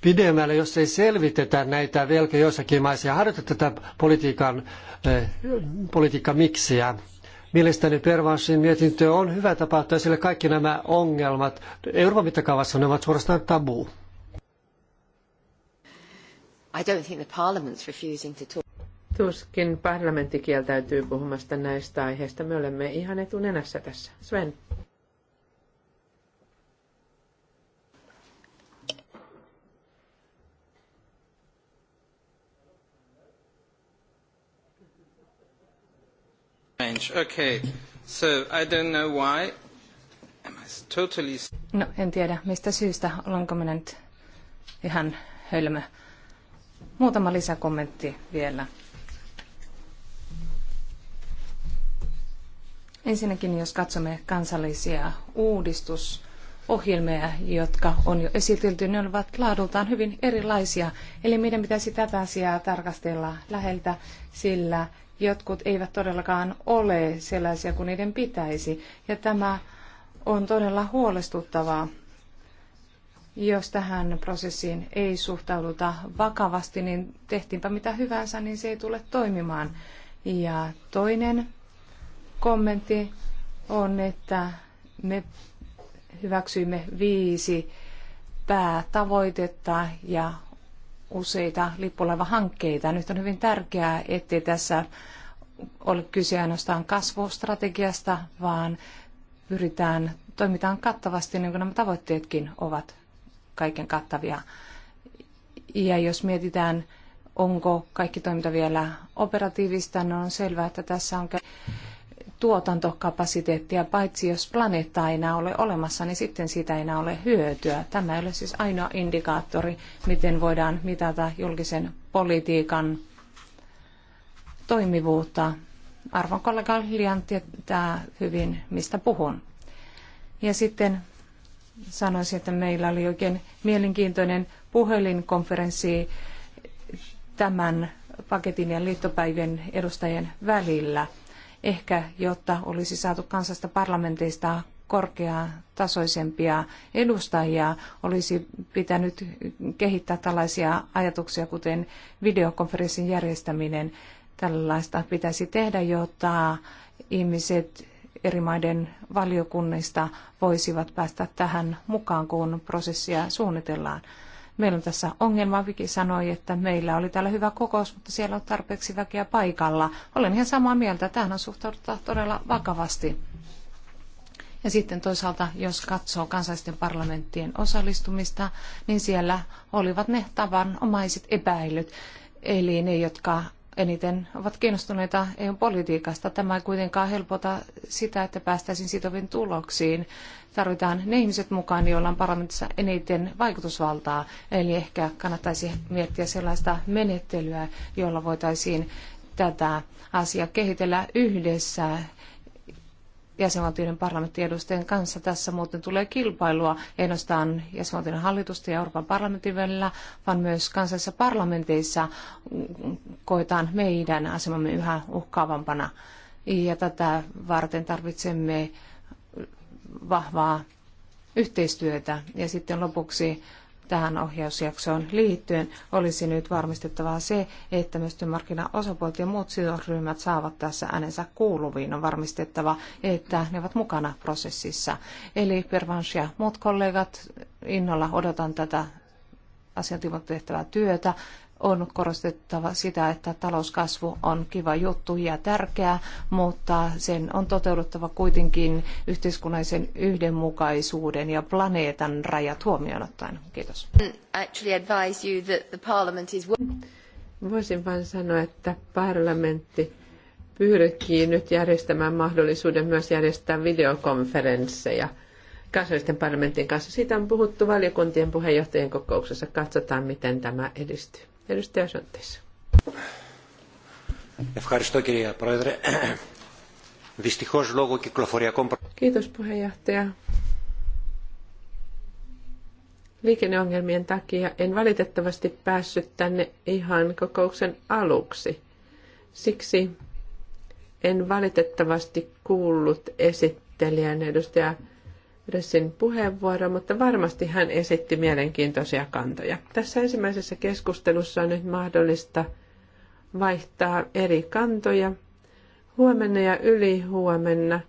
Speaker 2: pidemmälle, jos ei selvitetä näitä velkoja joissakin maissa ja harjoiteta tätä politiikan, eh, politiikan miksiä. Mielestäni Pervansin mietintö on hyvä tapa ottaa esille kaikki nämä ongelmat. Euroopan mittakaavassa ne ovat suorastaan tabu.
Speaker 1: I don't think the parliament's refusing to talk.
Speaker 3: Tuskin parlamentti kieltäytyy puhumasta näistä aiheista. Me olemme ihan etunenässä tässä. Sven. Okay. So I don't know
Speaker 1: why. Am I totally... No en tiedä mistä syystä. Olenko minä nyt ihan hölmö. Muutama lisäkommentti vielä. Ensinnäkin, jos katsomme kansallisia uudistusohjelmia, jotka on jo esitelty, ne ovat laadultaan hyvin erilaisia. Eli meidän pitäisi tätä asiaa tarkastella läheltä, sillä jotkut eivät todellakaan ole sellaisia kuin niiden pitäisi. Ja tämä on todella huolestuttavaa jos tähän prosessiin ei suhtauduta vakavasti, niin tehtiinpä mitä hyvänsä, niin se ei tule toimimaan. Ja toinen kommentti on, että me hyväksyimme viisi päätavoitetta ja useita lippulaivahankkeita. Nyt on hyvin tärkeää, ettei tässä ole kyse ainoastaan kasvustrategiasta, vaan pyritään, toimitaan kattavasti, niin kuin nämä tavoitteetkin ovat kaiken kattavia. Ja jos mietitään, onko kaikki toiminta vielä operatiivista, niin on selvää, että tässä on tuotantokapasiteettia, paitsi jos planeetta ei enää ole olemassa, niin sitten siitä ei enää ole hyötyä. Tämä ei ole siis ainoa indikaattori, miten voidaan mitata julkisen politiikan toimivuutta. Arvon kollega Lian tietää hyvin, mistä puhun. Ja sitten sanoisin, että meillä oli oikein mielenkiintoinen puhelinkonferenssi tämän paketin ja liittopäivien edustajien välillä. Ehkä, jotta olisi saatu kansasta parlamenteista korkeatasoisempia edustajia, olisi pitänyt kehittää tällaisia ajatuksia, kuten videokonferenssin järjestäminen. Tällaista pitäisi tehdä, jotta ihmiset eri maiden valiokunnista voisivat päästä tähän mukaan, kun prosessia suunnitellaan. Meillä on tässä ongelma. Viki sanoi, että meillä oli täällä hyvä kokous, mutta siellä on tarpeeksi väkeä paikalla. Olen ihan samaa mieltä. Tähän on suhtauduttu todella vakavasti. Ja sitten toisaalta, jos katsoo kansallisten parlamenttien osallistumista, niin siellä olivat ne tavanomaiset epäilyt, eli ne, jotka eniten ovat kiinnostuneita EU-politiikasta. Tämä ei kuitenkaan helpota sitä, että päästäisiin sitoviin tuloksiin. Tarvitaan ne ihmiset mukaan, joilla on parlamentissa eniten vaikutusvaltaa. Eli ehkä kannattaisi miettiä sellaista menettelyä, jolla voitaisiin tätä asiaa kehitellä yhdessä jäsenvaltioiden parlamenttiedustajien kanssa. Tässä muuten tulee kilpailua ainoastaan jäsenvaltioiden hallitusten ja Euroopan parlamentin välillä, vaan myös kansallisissa parlamenteissa koetaan meidän asemamme yhä uhkaavampana. Ja tätä varten tarvitsemme vahvaa yhteistyötä. Ja sitten lopuksi tähän ohjausjaksoon liittyen, olisi nyt varmistettavaa se, että myös työmarkkinaosapuolet ja muut sidosryhmät saavat tässä äänensä kuuluviin. On varmistettava, että ne ovat mukana prosessissa. Eli Pervans ja muut kollegat, innolla odotan tätä asiantuntijatehtävää työtä on korostettava sitä, että talouskasvu on kiva juttu ja tärkeä, mutta sen on toteuduttava kuitenkin yhteiskunnallisen yhdenmukaisuuden ja planeetan rajat huomioon ottaen. Kiitos. Voisin vain sanoa, että
Speaker 3: parlamentti pyrkii nyt järjestämään mahdollisuuden myös järjestää videokonferensseja kansallisten parlamentin kanssa. Siitä on puhuttu valiokuntien puheenjohtajien kokouksessa. Katsotaan, miten tämä edistyy. Edustaja Sottis. Kiitos puheenjohtaja. Liikenneongelmien takia en valitettavasti päässyt tänne ihan kokouksen aluksi. Siksi en valitettavasti kuullut esittelijän edustaja Ressin puheenvuoro, mutta varmasti hän esitti mielenkiintoisia kantoja. Tässä ensimmäisessä keskustelussa on nyt mahdollista vaihtaa eri kantoja. Huomenna ja ylihuomenna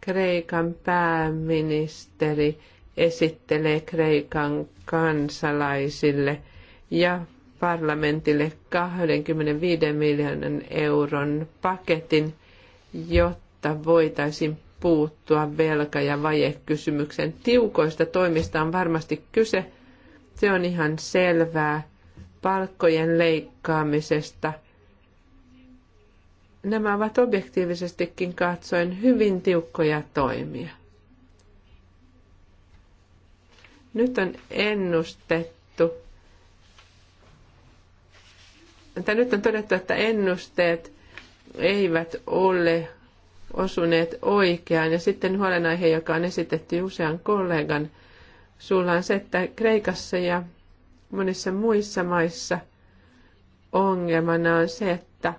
Speaker 3: Kreikan pääministeri esittelee Kreikan kansalaisille ja parlamentille 25 miljoonan euron paketin, jotta voitaisiin puuttua velka- ja vajekysymyksen. Tiukoista toimista on varmasti kyse. Se on ihan selvää. Palkkojen leikkaamisesta. Nämä ovat objektiivisestikin katsoen hyvin tiukkoja toimia. Nyt on ennustettu, tai nyt on todettu, että ennusteet – eivät ole osuneet oikeaan. Ja sitten huolenaihe, joka on esitetty usean kollegan sulla on se, että Kreikassa ja monissa muissa maissa ongelmana on se, että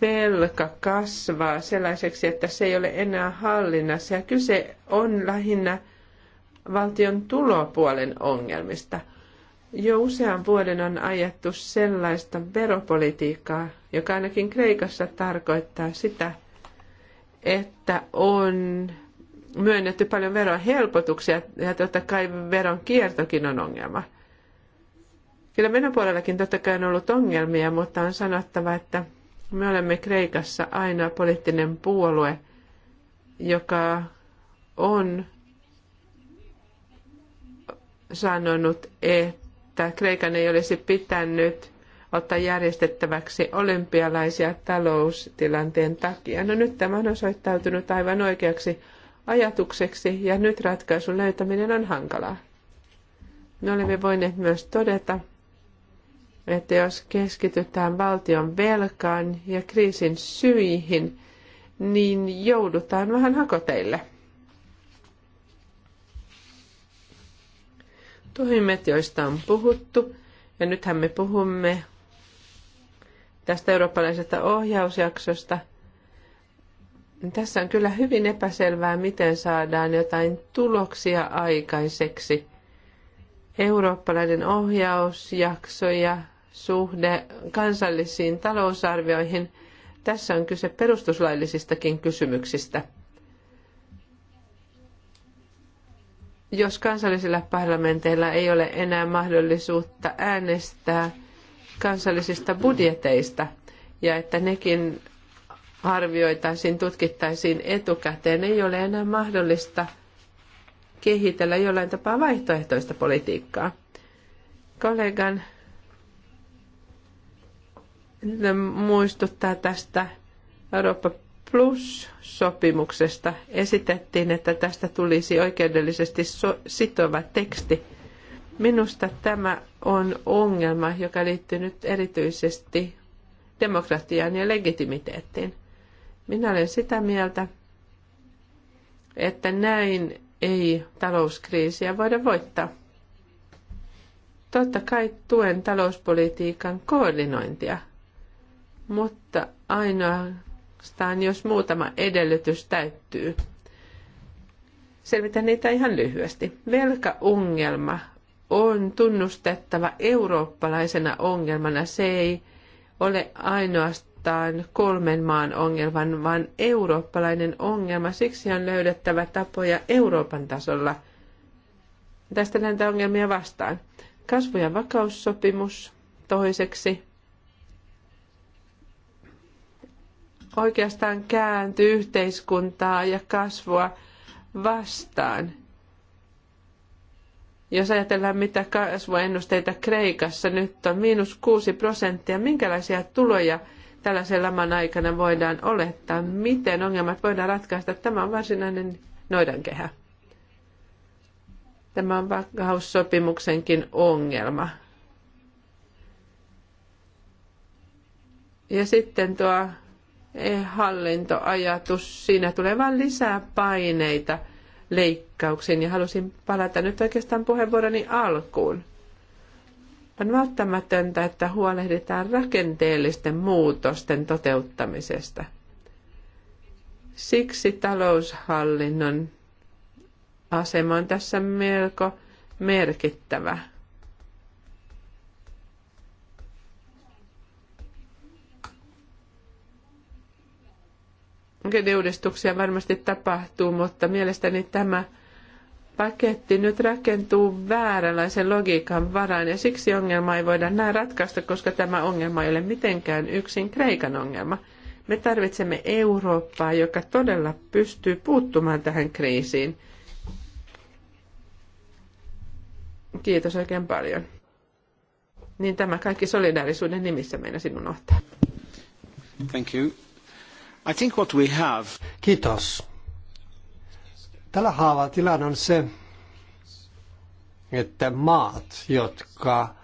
Speaker 3: velka kasvaa sellaiseksi, että se ei ole enää hallinnassa. Ja kyse on lähinnä valtion tulopuolen ongelmista – jo usean vuoden on ajettu sellaista veropolitiikkaa, joka ainakin Kreikassa tarkoittaa sitä, että on myönnetty paljon veron helpotuksia ja totta kai veron kiertokin on ongelma. Kyllä menopuolellakin totta kai on ollut ongelmia, mutta on sanottava, että me olemme Kreikassa aina poliittinen puolue, joka on sanonut, että että Kreikan ei olisi pitänyt ottaa järjestettäväksi olympialaisia taloustilanteen takia. No nyt tämä on osoittautunut aivan oikeaksi ajatukseksi ja nyt ratkaisun löytäminen on hankalaa. Me olemme voineet myös todeta, että jos keskitytään valtion velkaan ja kriisin syihin, niin joudutaan vähän hakoteille. Puhimet, joista on puhuttu, ja nythän me puhumme tästä eurooppalaisesta ohjausjaksosta. Tässä on kyllä hyvin epäselvää, miten saadaan jotain tuloksia aikaiseksi. Eurooppalainen ohjausjakso ja suhde kansallisiin talousarvioihin. Tässä on kyse perustuslaillisistakin kysymyksistä – jos kansallisilla parlamenteilla ei ole enää mahdollisuutta äänestää kansallisista budjeteista ja että nekin arvioitaisiin, tutkittaisiin etukäteen, ei ole enää mahdollista kehitellä jollain tapaa vaihtoehtoista politiikkaa. Kollegan no, muistuttaa tästä Eurooppa Plus-sopimuksesta esitettiin, että tästä tulisi oikeudellisesti so- sitova teksti. Minusta tämä on ongelma, joka liittyy nyt erityisesti demokratiaan ja legitimiteettiin. Minä olen sitä mieltä, että näin ei talouskriisiä voida voittaa. Totta kai tuen talouspolitiikan koordinointia, mutta ainoa ainoastaan, jos muutama edellytys täyttyy. Selvitän niitä ihan lyhyesti. Velkaongelma on tunnustettava eurooppalaisena ongelmana. Se ei ole ainoastaan kolmen maan ongelman, vaan eurooppalainen ongelma. Siksi on löydettävä tapoja Euroopan tasolla tästä näitä ongelmia vastaan. Kasvu- ja vakaussopimus toiseksi. oikeastaan kääntyi yhteiskuntaa ja kasvua vastaan. Jos ajatellaan, mitä kasvuennusteita Kreikassa nyt on, miinus 6 prosenttia, minkälaisia tuloja tällaisen laman aikana voidaan olettaa, miten ongelmat voidaan ratkaista, tämä on varsinainen noidankehä. Tämä on vakaussopimuksenkin ongelma. Ja sitten tuo hallintoajatus, siinä tulee vain lisää paineita leikkauksiin ja halusin palata nyt oikeastaan puheenvuoroni alkuun. On välttämätöntä, että huolehditaan rakenteellisten muutosten toteuttamisesta. Siksi taloushallinnon asema on tässä melko merkittävä. uudistuksia varmasti tapahtuu, mutta mielestäni tämä paketti nyt rakentuu vääränlaisen logiikan varaan ja siksi ongelma ei voida näin ratkaista, koska tämä ongelma ei ole mitenkään yksin Kreikan ongelma. Me tarvitsemme Eurooppaa, joka todella pystyy puuttumaan tähän kriisiin. Kiitos oikein paljon. Niin tämä kaikki solidaarisuuden nimissä meidän sinun ohtaa. Thank you.
Speaker 2: I think what we have... Kiitos. Tällä haavaa tilanne on se, että maat, jotka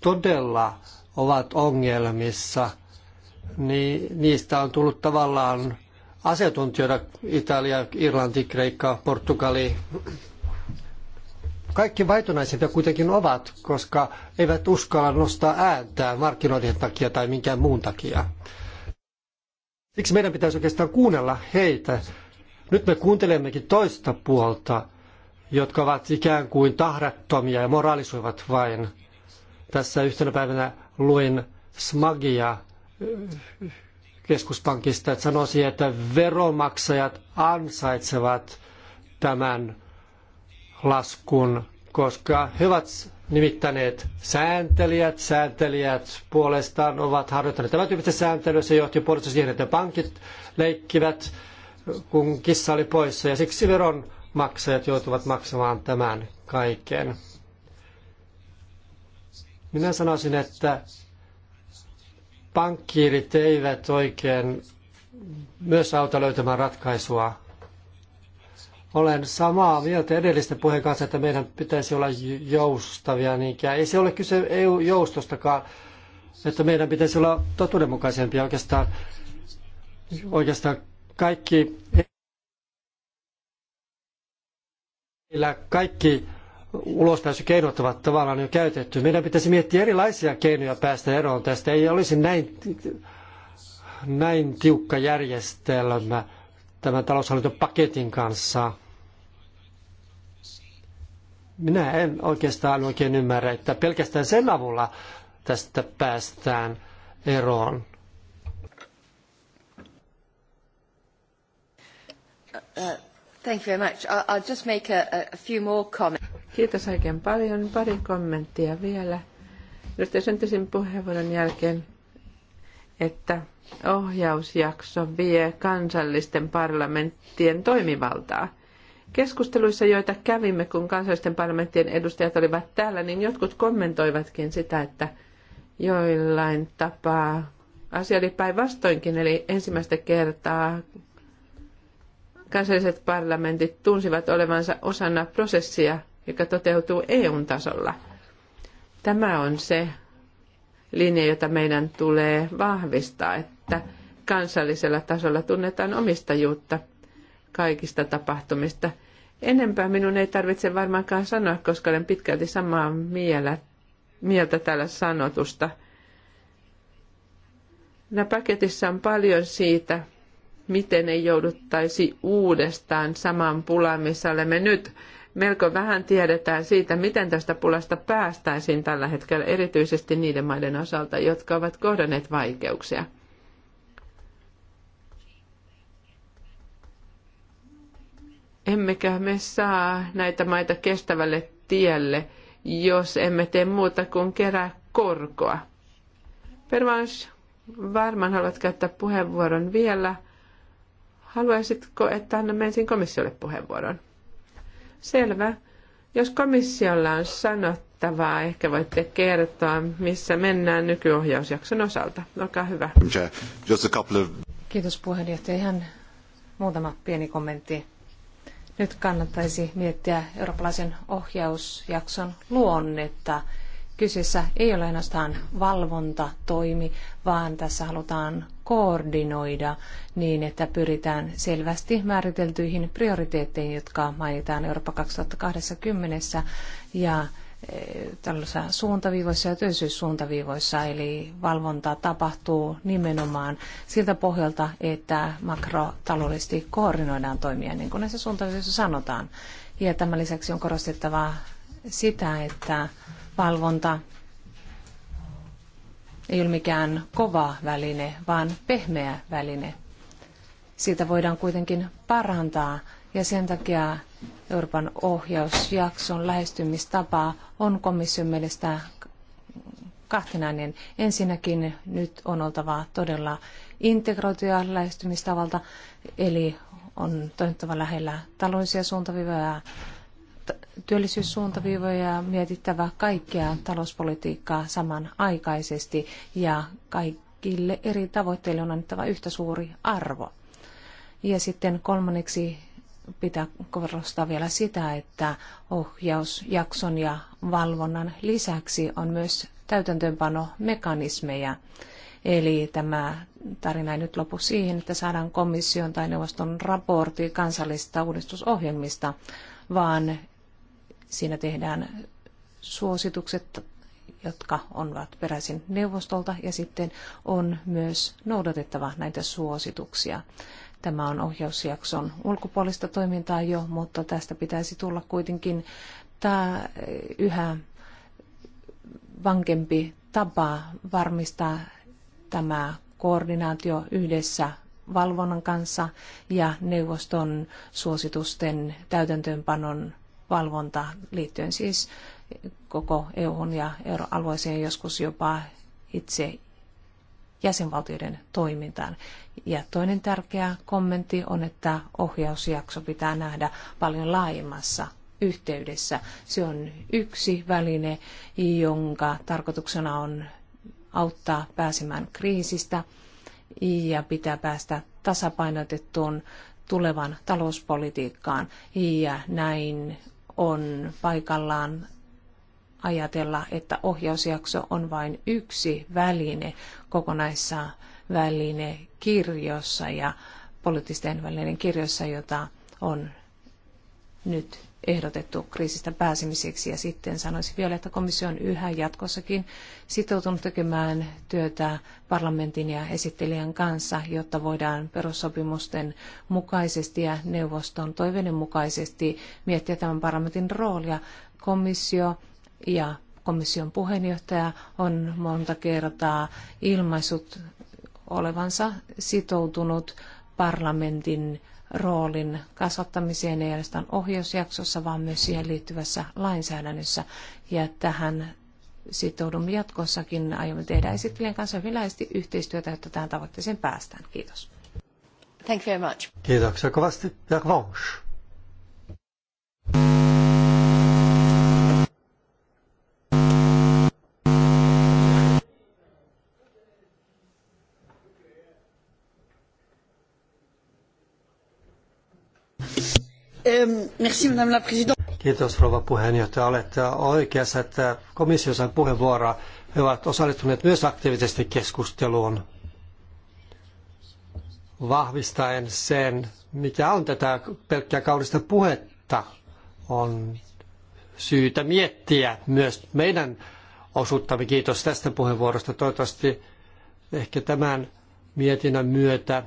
Speaker 2: todella ovat ongelmissa, niin niistä on tullut tavallaan asiantuntijoita Italia, Irlanti, Kreikka, Portugali. Kaikki vaitonaisempia kuitenkin ovat, koska eivät uskalla nostaa ääntään markkinoiden takia tai minkään muun takia. Siksi meidän pitäisi oikeastaan kuunnella heitä. Nyt me kuuntelemmekin toista puolta, jotka ovat ikään kuin tahrattomia ja moraalisoivat vain. Tässä yhtenä päivänä luin Smagia eh, keskuspankista, että sanoisi, että veromaksajat ansaitsevat tämän laskun, koska he ovat nimittäneet sääntelijät. Sääntelijät puolestaan ovat harjoittaneet tämän tyyppistä sääntelyä. Se johti puolesta siihen, että pankit leikkivät, kun kissa oli poissa. Ja siksi veronmaksajat joutuvat maksamaan tämän kaiken. Minä sanoisin, että pankkiirit eivät oikein myös auta löytämään ratkaisua olen samaa mieltä edellisten puheen kanssa, että meidän pitäisi olla joustavia niinkään. Ei se ole kyse EU-joustostakaan, että meidän pitäisi olla totuudenmukaisempia oikeastaan, oikeastaan kaikki, kaikki ulospääsykeinot ovat tavallaan jo käytetty. Meidän pitäisi miettiä erilaisia keinoja päästä eroon tästä. Ei olisi näin, näin tiukka järjestelmä tämän taloushallintopaketin kanssa. Minä en oikeastaan oikein ymmärrä, että pelkästään sen avulla tästä päästään eroon.
Speaker 1: Thank you very much. I'll just
Speaker 3: make a, few more comments. Kiitos oikein paljon. Pari kommenttia vielä. Jos te syntisin puheenvuoron jälkeen, että ohjausjakso vie kansallisten parlamenttien toimivaltaa. Keskusteluissa, joita kävimme, kun kansallisten parlamenttien edustajat olivat täällä, niin jotkut kommentoivatkin sitä, että joillain tapaa asia oli päinvastoinkin, eli ensimmäistä kertaa kansalliset parlamentit tunsivat olevansa osana prosessia, joka toteutuu EU-tasolla. Tämä on se linja, jota meidän tulee vahvistaa, että että kansallisella tasolla tunnetaan omistajuutta kaikista tapahtumista. Enempää minun ei tarvitse varmaankaan sanoa, koska olen pitkälti samaa mieltä, mieltä täällä sanotusta. Nämä paketissa on paljon siitä, miten ei jouduttaisi uudestaan samaan pulaan, missä olemme nyt. Melko vähän tiedetään siitä, miten tästä pulasta päästäisiin tällä hetkellä, erityisesti niiden maiden osalta, jotka ovat kohdanneet vaikeuksia. Emmekä me saa näitä maita kestävälle tielle, jos emme tee muuta kuin kerää korkoa. Pervans, varmaan haluat käyttää puheenvuoron vielä. Haluaisitko, että annamme ensin komissiolle puheenvuoron? Selvä. Jos komissiolla on sanottavaa, ehkä voitte kertoa, missä mennään nykyohjausjakson osalta. Olkaa hyvä.
Speaker 1: Kiitos puheenjohtaja. Ihan muutama pieni kommentti. Nyt kannattaisi miettiä eurooppalaisen ohjausjakson luonnetta. Kyseessä ei ole ainoastaan valvontatoimi, vaan tässä halutaan koordinoida niin, että pyritään selvästi määriteltyihin prioriteetteihin, jotka mainitaan Eurooppa 2020 ja Eh, tällaisissa suuntaviivoissa ja työllisyyssuuntaviivoissa, eli valvonta tapahtuu nimenomaan siltä pohjalta, että makrotaloudellisesti koordinoidaan toimia, niin kuin näissä suuntaviivoissa sanotaan. Ja tämän lisäksi on korostettava sitä, että valvonta ei ole mikään kova väline, vaan pehmeä väline. Siitä voidaan kuitenkin parantaa ja sen takia Euroopan ohjausjakson lähestymistapa on komission mielestä kahtenainen. Ensinnäkin nyt on oltava todella integroituja lähestymistavalta, eli on toimittava lähellä taloudellisia suuntaviivoja, työllisyyssuuntaviivoja ja mietittävä kaikkea talouspolitiikkaa samanaikaisesti ja kaikille eri tavoitteille on annettava yhtä suuri arvo. Ja sitten kolmanneksi pitää korostaa vielä sitä, että ohjausjakson ja valvonnan lisäksi on myös täytäntöönpanomekanismeja. Eli tämä tarina ei nyt lopu siihen, että saadaan komission tai neuvoston raportti kansallisista uudistusohjelmista, vaan siinä tehdään suositukset, jotka ovat peräisin neuvostolta, ja sitten on myös noudatettava näitä suosituksia. Tämä on ohjausjakson ulkopuolista toimintaa jo, mutta tästä pitäisi tulla kuitenkin tämä yhä vankempi tapa varmistaa tämä koordinaatio yhdessä valvonnan kanssa ja neuvoston suositusten täytäntöönpanon valvonta liittyen siis koko EU:hun ja euroalueeseen joskus jopa itse jäsenvaltioiden toimintaan. Ja toinen tärkeä kommentti on, että ohjausjakso pitää nähdä paljon laajemmassa yhteydessä. Se on yksi väline, jonka tarkoituksena on auttaa pääsemään kriisistä ja pitää päästä tasapainotettuun tulevan talouspolitiikkaan ja näin on paikallaan ajatella, että ohjausjakso on vain yksi väline kokonaissa väline kirjossa ja poliittisten välineiden kirjossa, jota on nyt ehdotettu kriisistä pääsemiseksi. Ja sitten sanoisin vielä, että komissio on yhä jatkossakin sitoutunut tekemään työtä parlamentin ja esittelijän kanssa, jotta voidaan perussopimusten mukaisesti ja neuvoston toiveiden mukaisesti miettiä tämän parlamentin roolia. Komissio ja komission puheenjohtaja on monta kertaa ilmaissut olevansa sitoutunut parlamentin roolin kasvattamiseen ei ainoastaan ohjausjaksossa, vaan myös siihen liittyvässä lainsäädännössä. Ja tähän sitoudumme jatkossakin. Aiomme tehdä esittelijän kanssa hyvin läheisesti yhteistyötä, jotta tähän tavoitteeseen päästään. Kiitos. Thank you very much.
Speaker 2: Kiitoksia kovasti. Ja Merci, madame la présidente. Kiitos rouva puheenjohtaja. Olette oikeassa, että komissio sai puheenvuoroa. He ovat osallistuneet myös aktiivisesti keskusteluun vahvistaen sen, mikä on tätä pelkkää kaudesta puhetta, on syytä miettiä myös meidän osuuttamme. Kiitos tästä puheenvuorosta. Toivottavasti ehkä tämän mietinnän myötä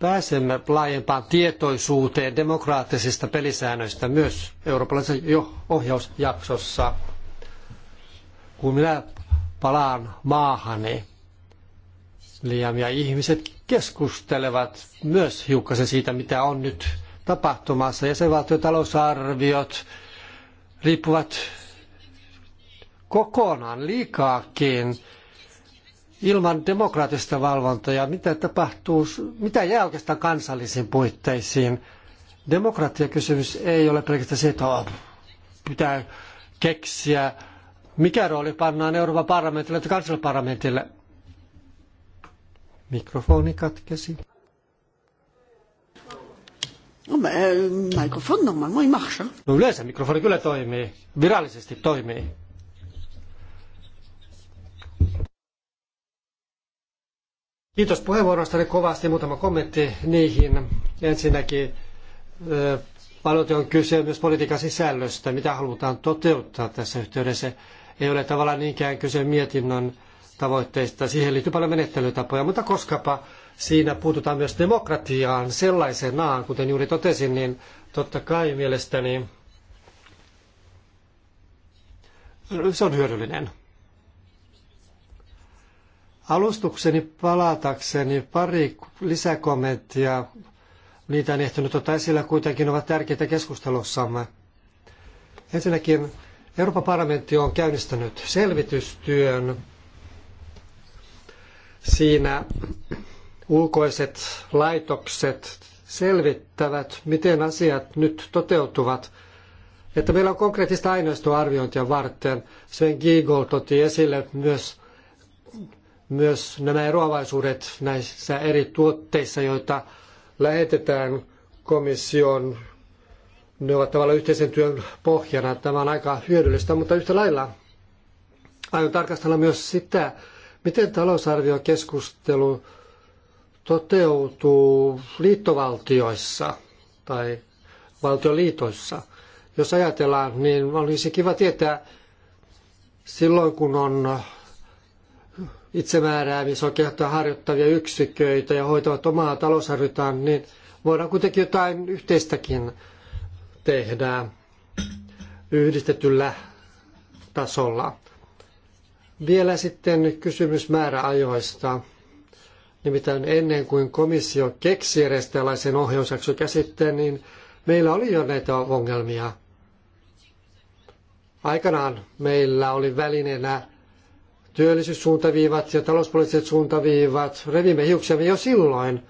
Speaker 2: pääsemme laajempaan tietoisuuteen demokraattisista pelisäännöistä myös eurooppalaisessa ohjausjaksossa. Kun minä palaan maahani, Liam ja ihmiset keskustelevat myös hiukkasen siitä, mitä on nyt tapahtumassa. Jäsenvaltiotalousarviot riippuvat kokonaan liikaakin ilman demokraattista valvontaa, mitä tapahtuu, mitä jää oikeastaan kansallisiin puitteisiin. Demokratiakysymys ei ole pelkästään se, että oh, pitää keksiä, mikä rooli pannaan Euroopan parlamentille tai kansalliselle parlamentille. Mikrofoni katkesi. No, äh, mikrofoni normaal, moi No yleensä mikrofoni kyllä toimii, virallisesti toimii. Kiitos puheenvuorostani kovasti. Muutama kommentti niihin. Ensinnäkin paljon on kyse myös politiikan sisällöstä, mitä halutaan toteuttaa tässä yhteydessä. Ei ole tavallaan niinkään kyse mietinnön tavoitteista. Siihen liittyy paljon menettelytapoja, mutta koskapa siinä puututaan myös demokratiaan sellaisenaan, kuten juuri totesin, niin totta kai mielestäni se on hyödyllinen Alustukseni palatakseni pari lisäkommenttia. Niitä en ehtinyt ottaa esillä, kuitenkin ovat tärkeitä keskustelussamme. Ensinnäkin Euroopan parlamentti on käynnistänyt selvitystyön. Siinä ulkoiset laitokset selvittävät, miten asiat nyt toteutuvat. Että meillä on konkreettista aineistoa arviointia varten. Sven Giegold otti esille myös myös nämä eroavaisuudet näissä eri tuotteissa, joita lähetetään komission, ne ovat tavallaan yhteisen työn pohjana. Tämä on aika hyödyllistä, mutta yhtä lailla aion tarkastella myös sitä, miten talousarviokeskustelu toteutuu liittovaltioissa tai valtioliitoissa. Jos ajatellaan, niin olisi kiva tietää silloin, kun on itsemääräämisoikeutta harjoittavia yksiköitä ja hoitavat omaa talousarvitaan, niin voidaan kuitenkin jotain yhteistäkin tehdä yhdistetyllä tasolla. Vielä sitten kysymys määräajoista. Nimittäin ennen kuin komissio keksi edes tällaisen ohjausjaksokäsitteen, niin meillä oli jo näitä ongelmia. Aikanaan meillä oli välineenä työllisyyssuuntaviivat ja talouspoliittiset suuntaviivat, revimme hiuksemme jo silloin,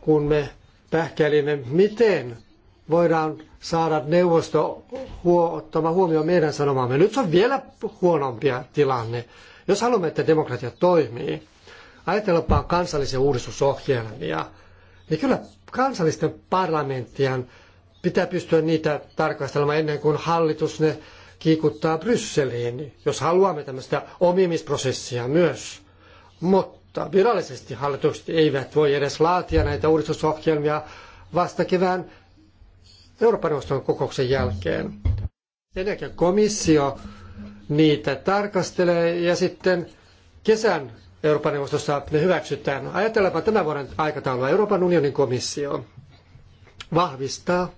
Speaker 2: kun me pähkäilimme, miten voidaan saada neuvosto ottamaan huomioon meidän sanomamme. Nyt se on vielä huonompi tilanne, jos haluamme, että demokratia toimii. Ajatellaanpa kansallisia uudistusohjelmia, niin kyllä kansallisten parlamenttien pitää pystyä niitä tarkastelemaan ennen kuin hallitus ne kiikuttaa Brysseliin, jos haluamme tämmöistä omimisprosessia myös. Mutta virallisesti hallitukset eivät voi edes laatia näitä uudistusohjelmia vasta kevään Euroopan neuvoston kokouksen jälkeen. Sen jälkeen komissio niitä tarkastelee ja sitten kesän Euroopan neuvostossa ne hyväksytään. Ajatellaanpa tämän vuoden aikataulua. Euroopan unionin komissio vahvistaa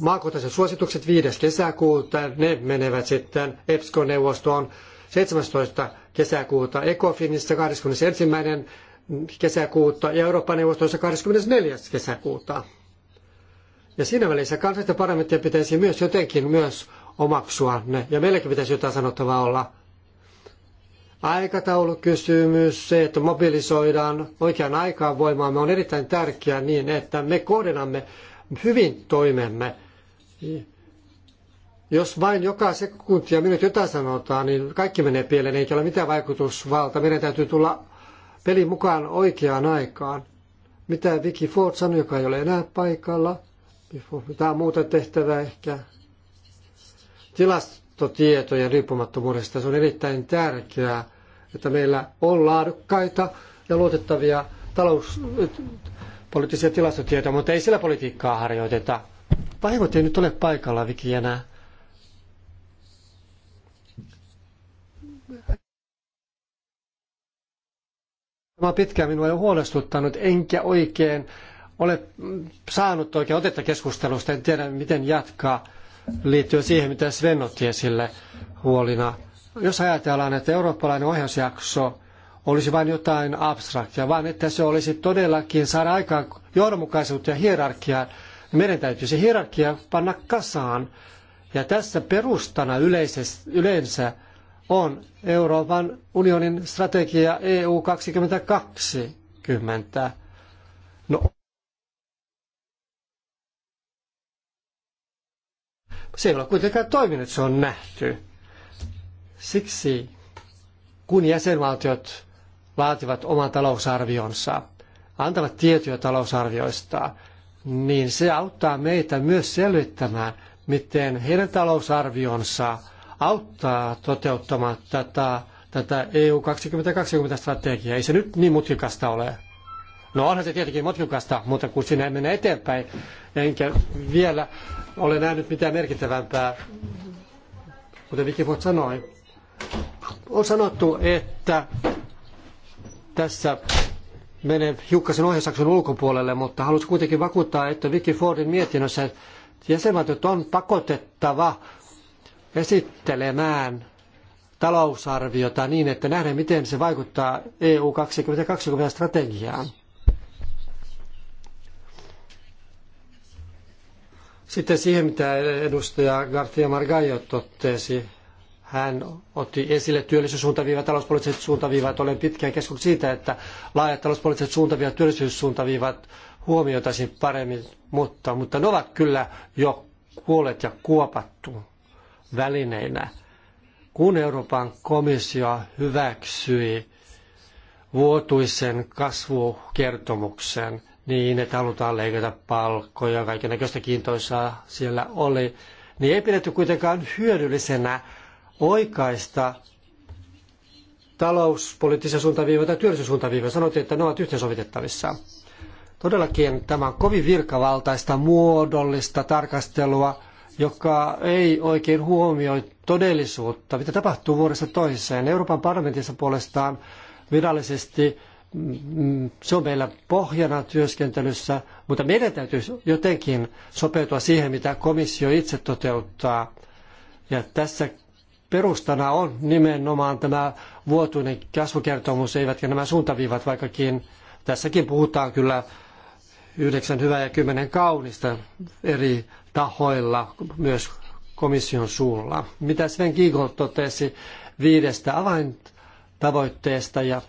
Speaker 2: maakohtaiset suositukset 5. kesäkuuta, ne menevät sitten EPSCO-neuvostoon 17. kesäkuuta, ECOFINissa 21. kesäkuuta ja Euroopan neuvostossa 24. kesäkuuta. Ja siinä välissä kansallisten parlamenttien pitäisi myös jotenkin myös omaksua ne. Ja meilläkin pitäisi jotain sanottavaa olla. Aikataulukysymys, se, että mobilisoidaan oikeaan aikaan voimaamme on erittäin tärkeää niin, että me kohdennamme hyvin toimemme niin. Jos vain joka sekunti ja minut jotain sanotaan, niin kaikki menee pieleen, eikä ole mitään vaikutusvalta. Meidän täytyy tulla pelin mukaan oikeaan aikaan. Mitä Vicky Ford sanoi, joka ei ole enää paikalla. Tämä on muuta tehtävää ehkä. Tilastotietojen riippumattomuudesta se on erittäin tärkeää, että meillä on laadukkaita ja luotettavia talouspoliittisia tilastotietoja, mutta ei sillä politiikkaa harjoiteta Vahingot ei nyt ole paikalla, Viki, enää. Tämä pitkään minua jo huolestuttanut, enkä oikein ole saanut oikein otetta keskustelusta. En tiedä, miten jatkaa liittyen siihen, mitä Sven otti esille huolina. Jos ajatellaan, että eurooppalainen ohjausjakso olisi vain jotain abstraktia, vaan että se olisi todellakin saada aikaan johdonmukaisuutta ja hierarkiaa meidän täytyy se hierarkia panna kasaan. Ja tässä perustana yleensä on Euroopan unionin strategia EU 2020. No, se ei ole kuitenkaan toiminut, se on nähty. Siksi kun jäsenvaltiot laativat oman talousarvionsa, antavat tietoja talousarvioistaan, niin se auttaa meitä myös selvittämään, miten heidän talousarvionsa auttaa toteuttamaan tätä, tätä EU 2020-strategiaa. Ei se nyt niin mutkikasta ole. No onhan se tietenkin mutkikasta, mutta kun sinne ei mennä eteenpäin, enkä vielä ole nähnyt mitään merkittävämpää, kuten Wikifort sanoi. On sanottu, että tässä mene hiukkasen ohjesakson ulkopuolelle, mutta haluaisin kuitenkin vakuuttaa, että Vicky Fordin mietinnössä jäsenvaltiot on pakotettava esittelemään talousarviota niin, että nähdään, miten se vaikuttaa EU 2020 strategiaan. Sitten siihen, mitä edustaja garcía Margallo totesi. Hän otti esille työllisyyssuuntaviivat, talouspoliittiset suuntaviivat. Olen pitkään keskustellut siitä, että laajat talouspoliittiset suuntaviivat ja työllisyyssuuntaviivat huomioitaisiin paremmin, mutta, mutta ne ovat kyllä jo kuolleet ja kuopattu välineinä. Kun Euroopan komissio hyväksyi vuotuisen kasvukertomuksen niin, että halutaan leikata palkkoja, ja näköistä kiintoisaa siellä oli, niin ei pidetty kuitenkaan hyödyllisenä oikaista talouspoliittisia suuntaviivoja tai työllisyyssuuntaviivoja. sanottiin, että ne ovat yhteensovitettavissa. Todellakin tämä on kovin virkavaltaista, muodollista tarkastelua, joka ei oikein huomioi todellisuutta, mitä tapahtuu vuodesta toiseen. Euroopan parlamentissa puolestaan virallisesti mm, se on meillä pohjana työskentelyssä, mutta meidän täytyy jotenkin sopeutua siihen, mitä komissio itse toteuttaa. Ja tässä perustana on nimenomaan tämä vuotuinen kasvukertomus, eivätkä nämä suuntaviivat, vaikkakin tässäkin puhutaan kyllä yhdeksän hyvää ja kymmenen kaunista eri tahoilla, myös komission suulla. Mitä Sven Giegold totesi viidestä avaintavoitteesta ja,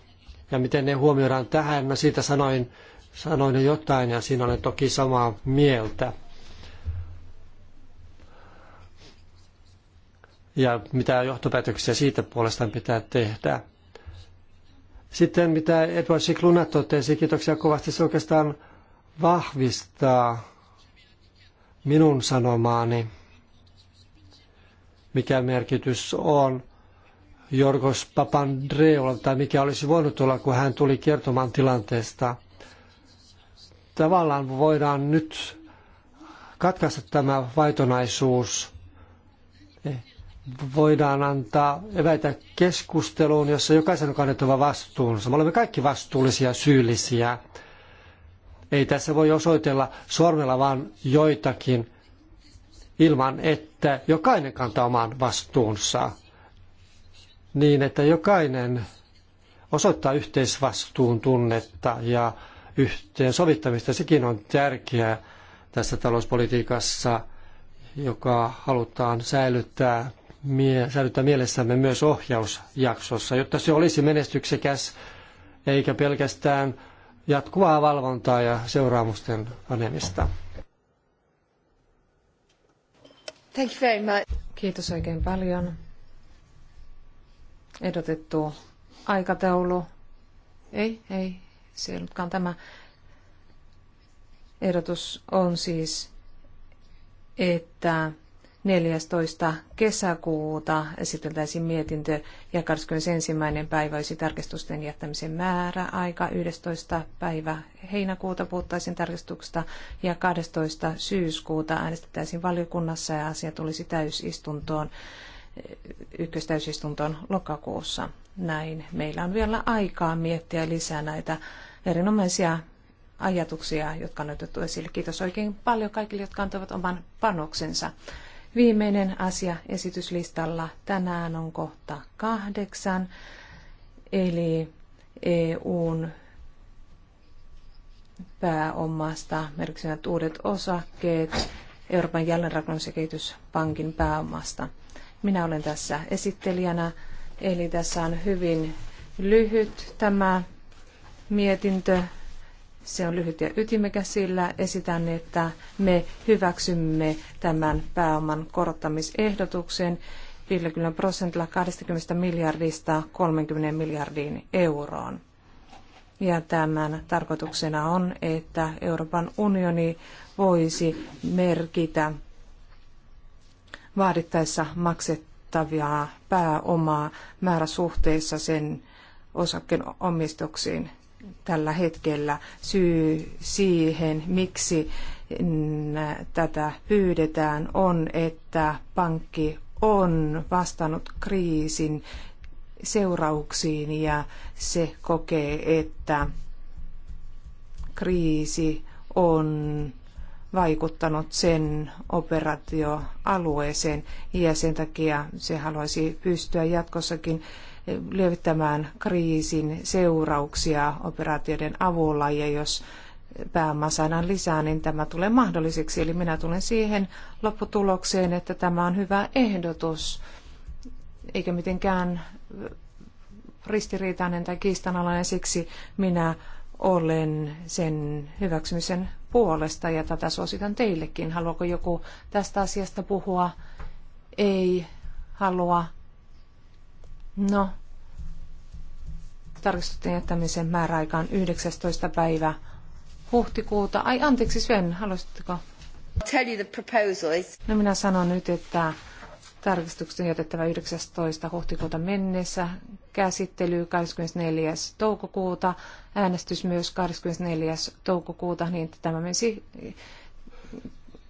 Speaker 2: ja miten ne huomioidaan tähän, mä no siitä sanoin, sanoin jo jotain ja siinä olen toki samaa mieltä. ja mitä johtopäätöksiä siitä puolestaan pitää tehdä. Sitten mitä Edward Sikluna totesi, kiitoksia kovasti, se oikeastaan vahvistaa minun sanomaani, mikä merkitys on Jorgos Papandreolla tai mikä olisi voinut olla, kun hän tuli kertomaan tilanteesta. Tavallaan voidaan nyt katkaista tämä vaitonaisuus. Eh, voidaan antaa eväitä keskusteluun, jossa jokaisen on kannettava vastuunsa. Me olemme kaikki vastuullisia syyllisiä. Ei tässä voi osoitella sormella vaan joitakin ilman, että jokainen kantaa oman vastuunsa. Niin, että jokainen osoittaa yhteisvastuun tunnetta ja yhteen sovittamista. Sekin on tärkeää tässä talouspolitiikassa, joka halutaan säilyttää mie- säilyttää mielessämme myös ohjausjaksossa, jotta se olisi menestyksekäs eikä pelkästään jatkuvaa valvontaa ja seuraamusten panemista.
Speaker 1: Thank you very much. Kiitos oikein paljon. Ehdotettu aikataulu. Ei, ei, se ei ollutkaan tämä. Ehdotus on siis, että 14. kesäkuuta esiteltäisiin mietintö ja 21. päivä olisi tarkistusten jättämisen määräaika. 11. päivä heinäkuuta puhuttaisiin tarkistuksesta ja 12. syyskuuta äänestettäisiin valiokunnassa ja asia tulisi täysistuntoon ykköstäysistuntoon lokakuussa. Näin meillä on vielä aikaa miettiä lisää näitä erinomaisia ajatuksia, jotka on otettu esille. Kiitos oikein paljon kaikille, jotka antoivat oman panoksensa. Viimeinen asia esityslistalla tänään on kohta kahdeksan, eli EUn pääomasta merkitsevät uudet osakkeet Euroopan jälleenrakennus- ja kehityspankin pääomasta. Minä olen tässä esittelijänä, eli tässä on hyvin lyhyt tämä mietintö se on lyhyt ja ytimekäs, sillä esitän, että me hyväksymme tämän pääoman korottamisehdotuksen 50 prosentilla 20 miljardista 30 miljardiin euroon. Ja tämän tarkoituksena on, että Euroopan unioni voisi merkitä vaadittaessa maksettavia pääomaa määräsuhteessa sen osakkeen omistuksiin tällä hetkellä syy siihen, miksi tätä pyydetään, on, että pankki on vastannut kriisin seurauksiin ja se kokee, että kriisi on vaikuttanut sen operaatioalueeseen ja sen takia se haluaisi pystyä jatkossakin lievittämään kriisin seurauksia operaatioiden avulla ja jos pääoma saadaan lisää, niin tämä tulee mahdolliseksi. Eli minä tulen siihen lopputulokseen, että tämä on hyvä ehdotus, eikä mitenkään ristiriitainen tai kiistanalainen, siksi minä olen sen hyväksymisen puolesta ja tätä suositan teillekin. Haluaako joku tästä asiasta puhua? Ei halua. No, tarkistuttiin jättämisen määräaikaan 19. päivä huhtikuuta. Ai anteeksi Sven, haluaisitteko?
Speaker 2: Tell you the proposal is...
Speaker 1: No minä sanon nyt, että tarkistukset on jätettävä 19. huhtikuuta mennessä, käsittely 24. toukokuuta, äänestys myös 24. toukokuuta, niin että tämä menisi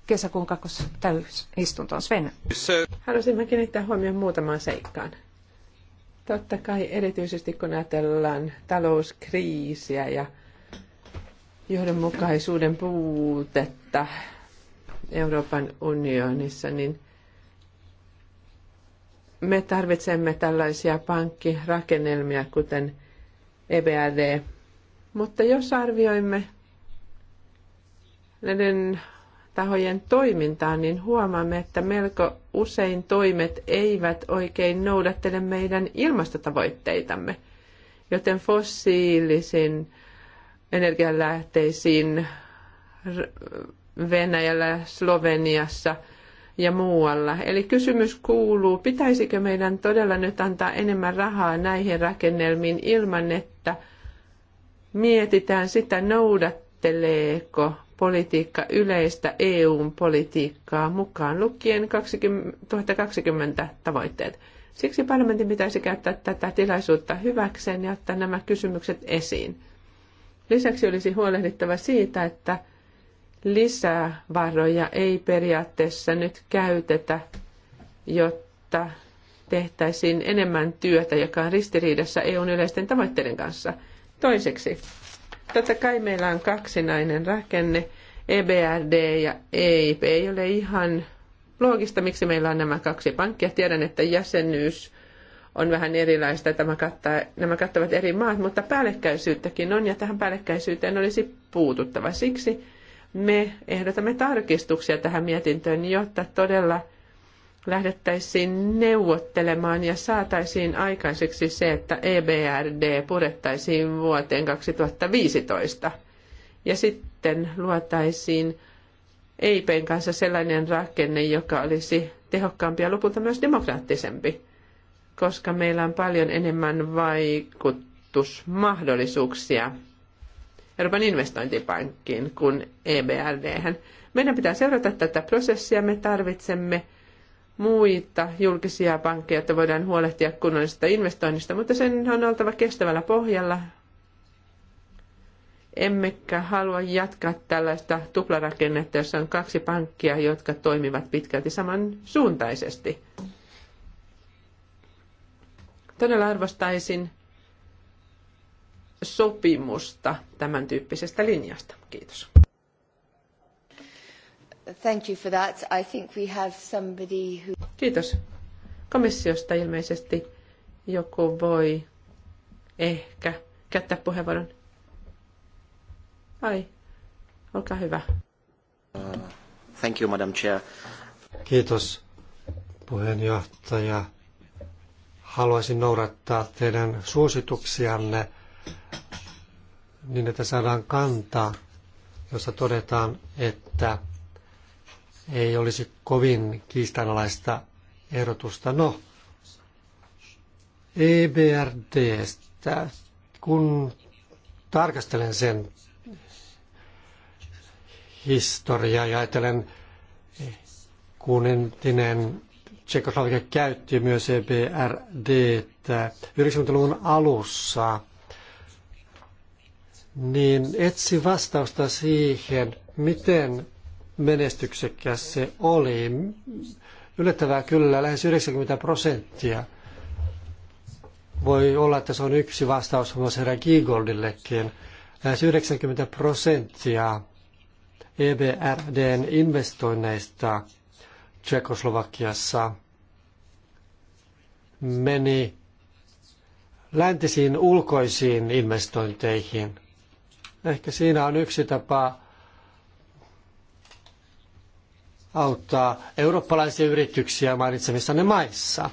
Speaker 1: kesäkuun kakkos täysistuntoon. Sven. Haluaisin kiinnittää huomioon muutamaan seikkaan. Totta
Speaker 3: kai erityisesti kun ajatellaan talouskriisiä ja johdonmukaisuuden puutetta Euroopan unionissa, niin me tarvitsemme tällaisia pankkirakennelmia, kuten EBRD. Mutta jos arvioimme näiden tahojen toimintaan, niin huomaamme, että melko usein toimet eivät oikein noudattele meidän ilmastotavoitteitamme. Joten fossiilisin energialähteisiin Venäjällä, Sloveniassa ja muualla. Eli kysymys kuuluu, pitäisikö meidän todella nyt antaa enemmän rahaa näihin rakennelmiin ilman, että mietitään sitä, noudattaa tavoitteleeko politiikka yleistä EUn politiikkaa mukaan lukien 2020 tavoitteet. Siksi parlamentin pitäisi käyttää tätä tilaisuutta hyväkseen ja ottaa nämä kysymykset esiin. Lisäksi olisi huolehdittava siitä, että lisää varoja ei periaatteessa nyt käytetä, jotta tehtäisiin enemmän työtä, joka on ristiriidassa EUn yleisten tavoitteiden kanssa. Toiseksi, Totta kai meillä on kaksinainen rakenne, EBRD ja EIP. Ei ole ihan loogista, miksi meillä on nämä kaksi pankkia. Tiedän, että jäsenyys on vähän erilaista. Tämä kattaa, nämä kattavat eri maat, mutta päällekkäisyyttäkin on ja tähän päällekkäisyyteen olisi puututtava. Siksi me ehdotamme tarkistuksia tähän mietintöön, jotta todella – lähdettäisiin neuvottelemaan ja saataisiin aikaiseksi se, että EBRD purettaisiin vuoteen 2015. Ja sitten luotaisiin EIPen kanssa sellainen rakenne, joka olisi tehokkaampi ja lopulta myös demokraattisempi, koska meillä on paljon enemmän vaikutusmahdollisuuksia Euroopan investointipankkiin kuin EBRD. Meidän pitää seurata tätä prosessia. Me tarvitsemme – muita julkisia pankkeja, että voidaan huolehtia kunnollisista investoinnista, mutta sen on oltava kestävällä pohjalla. Emmekä halua jatkaa tällaista tuplarakennetta, jossa on kaksi pankkia, jotka toimivat pitkälti samansuuntaisesti. Todella arvostaisin sopimusta tämän tyyppisestä linjasta. Kiitos.
Speaker 1: Thank you for that. I think we have somebody who...
Speaker 3: Kiitos. Komissiosta ilmeisesti joku voi ehkä käyttää puheenvuoron. Ai, olkaa hyvä. Uh, thank you, Madam Chair.
Speaker 2: Kiitos, puheenjohtaja. Haluaisin noudattaa teidän suosituksianne niin, että saadaan kantaa, jossa todetaan, että ei olisi kovin kiistanalaista ehdotusta. No, EBRDstä, kun tarkastelen sen historiaa ja ajattelen, kun entinen Tsekoslovakia käytti myös EBRD 90-luvun alussa, niin etsi vastausta siihen, miten menestyksekäs se oli. Yllättävää kyllä, lähes 90 prosenttia. Voi olla, että se on yksi vastaus myös herra Giegoldillekin. Lähes 90 prosenttia EBRDn investoinneista Tsekoslovakiassa meni läntisiin ulkoisiin investointeihin. Ehkä siinä on yksi tapa auttaa eurooppalaisia yrityksiä mainitsemissanne maissa.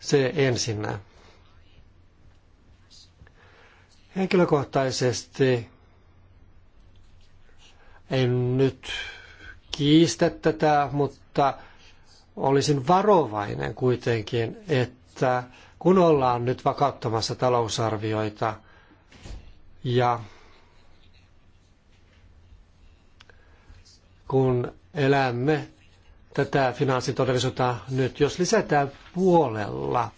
Speaker 2: Se ensinnä. Henkilökohtaisesti en nyt kiistä tätä, mutta olisin varovainen kuitenkin, että kun ollaan nyt vakauttamassa talousarvioita ja kun elämme tätä finanssitodellisuutta nyt. Jos lisätään puolella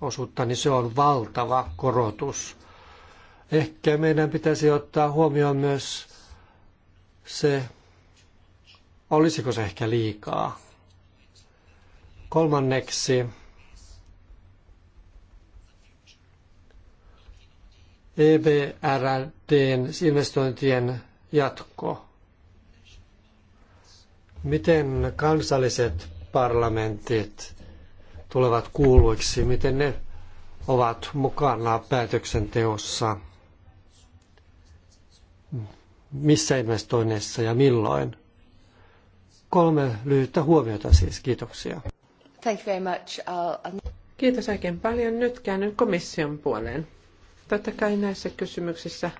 Speaker 2: osuutta, niin se on valtava korotus. Ehkä meidän pitäisi ottaa huomioon myös se, olisiko se ehkä liikaa. Kolmanneksi, EBRDn investointien jatko miten kansalliset parlamentit tulevat kuuluiksi, miten ne ovat mukana päätöksenteossa, missä investoinneissa ja milloin. Kolme lyhyttä huomiota siis, kiitoksia.
Speaker 1: Thank you very much.
Speaker 3: Kiitos oikein paljon. Nyt käännyn komission puoleen. Totta kai näissä kysymyksissä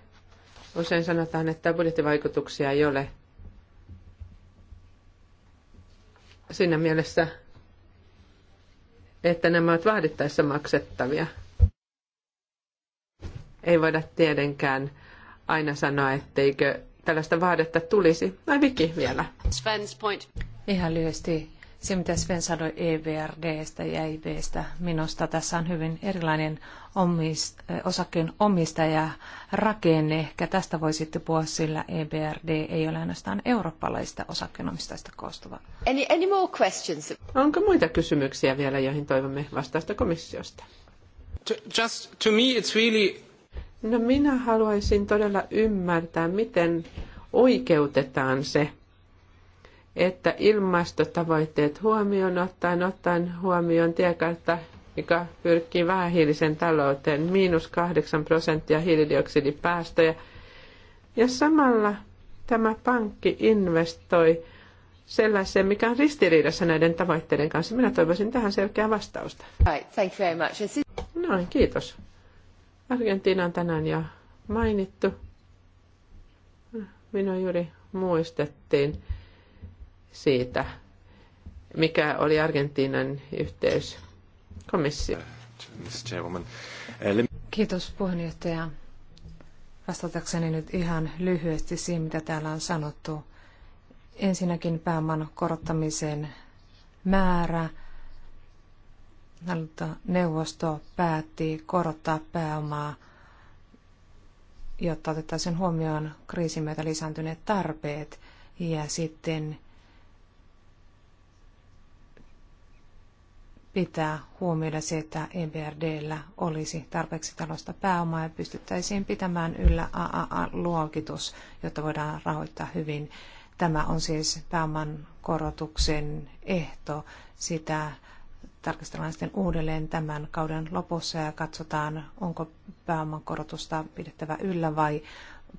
Speaker 3: usein sanotaan, että budjettivaikutuksia ei ole – siinä mielessä, että nämä ovat vaadittaessa maksettavia. Ei voida tietenkään aina sanoa, etteikö tällaista vaadetta tulisi. Vai Viki vielä.
Speaker 1: Sven's point. Ihan lyhyesti se, mitä Sven sanoi EVRDstä ja IBstä, minusta tässä on hyvin erilainen omist, osakkeen omistaja rakenne. Ehkä tästä voisitte puhua, sillä EBRD ei ole ainoastaan eurooppalaisista osakkeenomistajista koostuva.
Speaker 3: Any, any more questions? Onko muita kysymyksiä vielä, joihin toivomme vastausta komissiosta?
Speaker 1: To, just to me it's really...
Speaker 3: No minä haluaisin todella ymmärtää, miten oikeutetaan se, että ilmastotavoitteet huomioon ottaen, ottaen huomioon tiekartta, joka pyrkii vähähiilisen talouteen, miinus 8 prosenttia hiilidioksidipäästöjä. Ja samalla tämä pankki investoi sellaiseen, mikä on ristiriidassa näiden tavoitteiden kanssa. Minä toivoisin tähän selkeää vastausta. Right, thank you very much. Noin, kiitos. Argentiina on tänään jo mainittu. Minua juuri muistettiin siitä, mikä oli Argentiinan yhteys komissio.
Speaker 1: Eh, Kiitos puheenjohtaja. Vastatakseni nyt ihan lyhyesti siihen, mitä täällä on sanottu. Ensinnäkin pääoman korottamisen määrä. Neuvosto päätti korottaa pääomaa, jotta otettaisiin huomioon kriisin myötä lisääntyneet tarpeet. Ja sitten pitää huomioida se, että EBRDllä olisi tarpeeksi talosta pääomaa ja pystyttäisiin pitämään yllä AAA-luokitus, jotta voidaan rahoittaa hyvin. Tämä on siis pääoman korotuksen ehto. Sitä tarkastellaan sitten uudelleen tämän kauden lopussa ja katsotaan, onko pääoman korotusta pidettävä yllä vai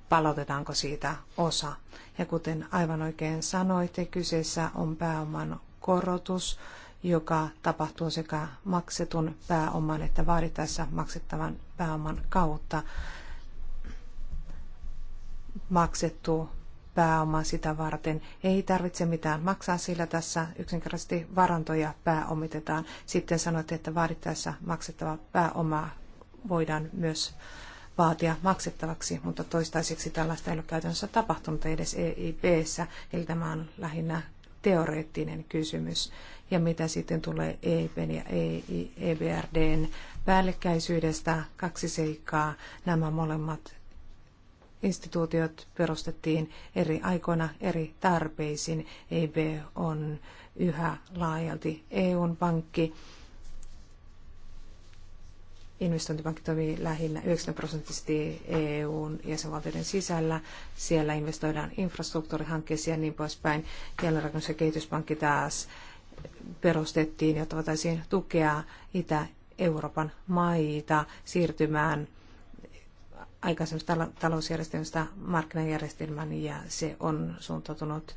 Speaker 1: palautetaanko siitä osa. Ja kuten aivan oikein sanoitte, kyseessä on pääoman korotus joka tapahtuu sekä maksetun pääoman että vaadittaessa maksettavan pääoman kautta. Maksettu pääoma sitä varten. Ei tarvitse mitään maksaa, sillä tässä yksinkertaisesti varantoja pääomitetaan. Sitten sanoitte, että vaadittaessa maksettava pääoma voidaan myös vaatia maksettavaksi, mutta toistaiseksi tällaista ei ole käytännössä tapahtunut edes EIPssä, eli tämä on lähinnä teoreettinen kysymys. Ja mitä sitten tulee EIPn ja EBRDn e päällekkäisyydestä, kaksi seikkaa. Nämä molemmat instituutiot perustettiin eri aikoina eri tarpeisiin. EIB on yhä laajalti EUn pankki investointipankki toimii lähinnä 90 prosenttisesti EUn jäsenvaltioiden sisällä. Siellä investoidaan infrastruktuurihankkeisiin ja niin poispäin. Jälleenrakennus- ja kehityspankki taas perustettiin, jotta voitaisiin tukea Itä-Euroopan maita siirtymään aikaisemmasta talousjärjestelmästä markkinajärjestelmään ja se on suuntautunut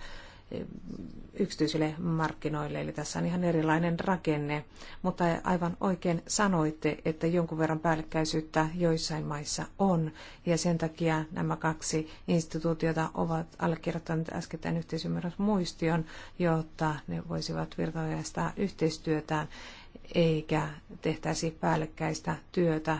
Speaker 1: yksityisille markkinoille, eli tässä on ihan erilainen rakenne. Mutta aivan oikein sanoitte, että jonkun verran päällekkäisyyttä joissain maissa on, ja sen takia nämä kaksi instituutiota ovat allekirjoittaneet äskettäin yhteisymmärrysmuistion, jotta ne voisivat virtaajastaa yhteistyötään eikä tehtäisi päällekkäistä työtä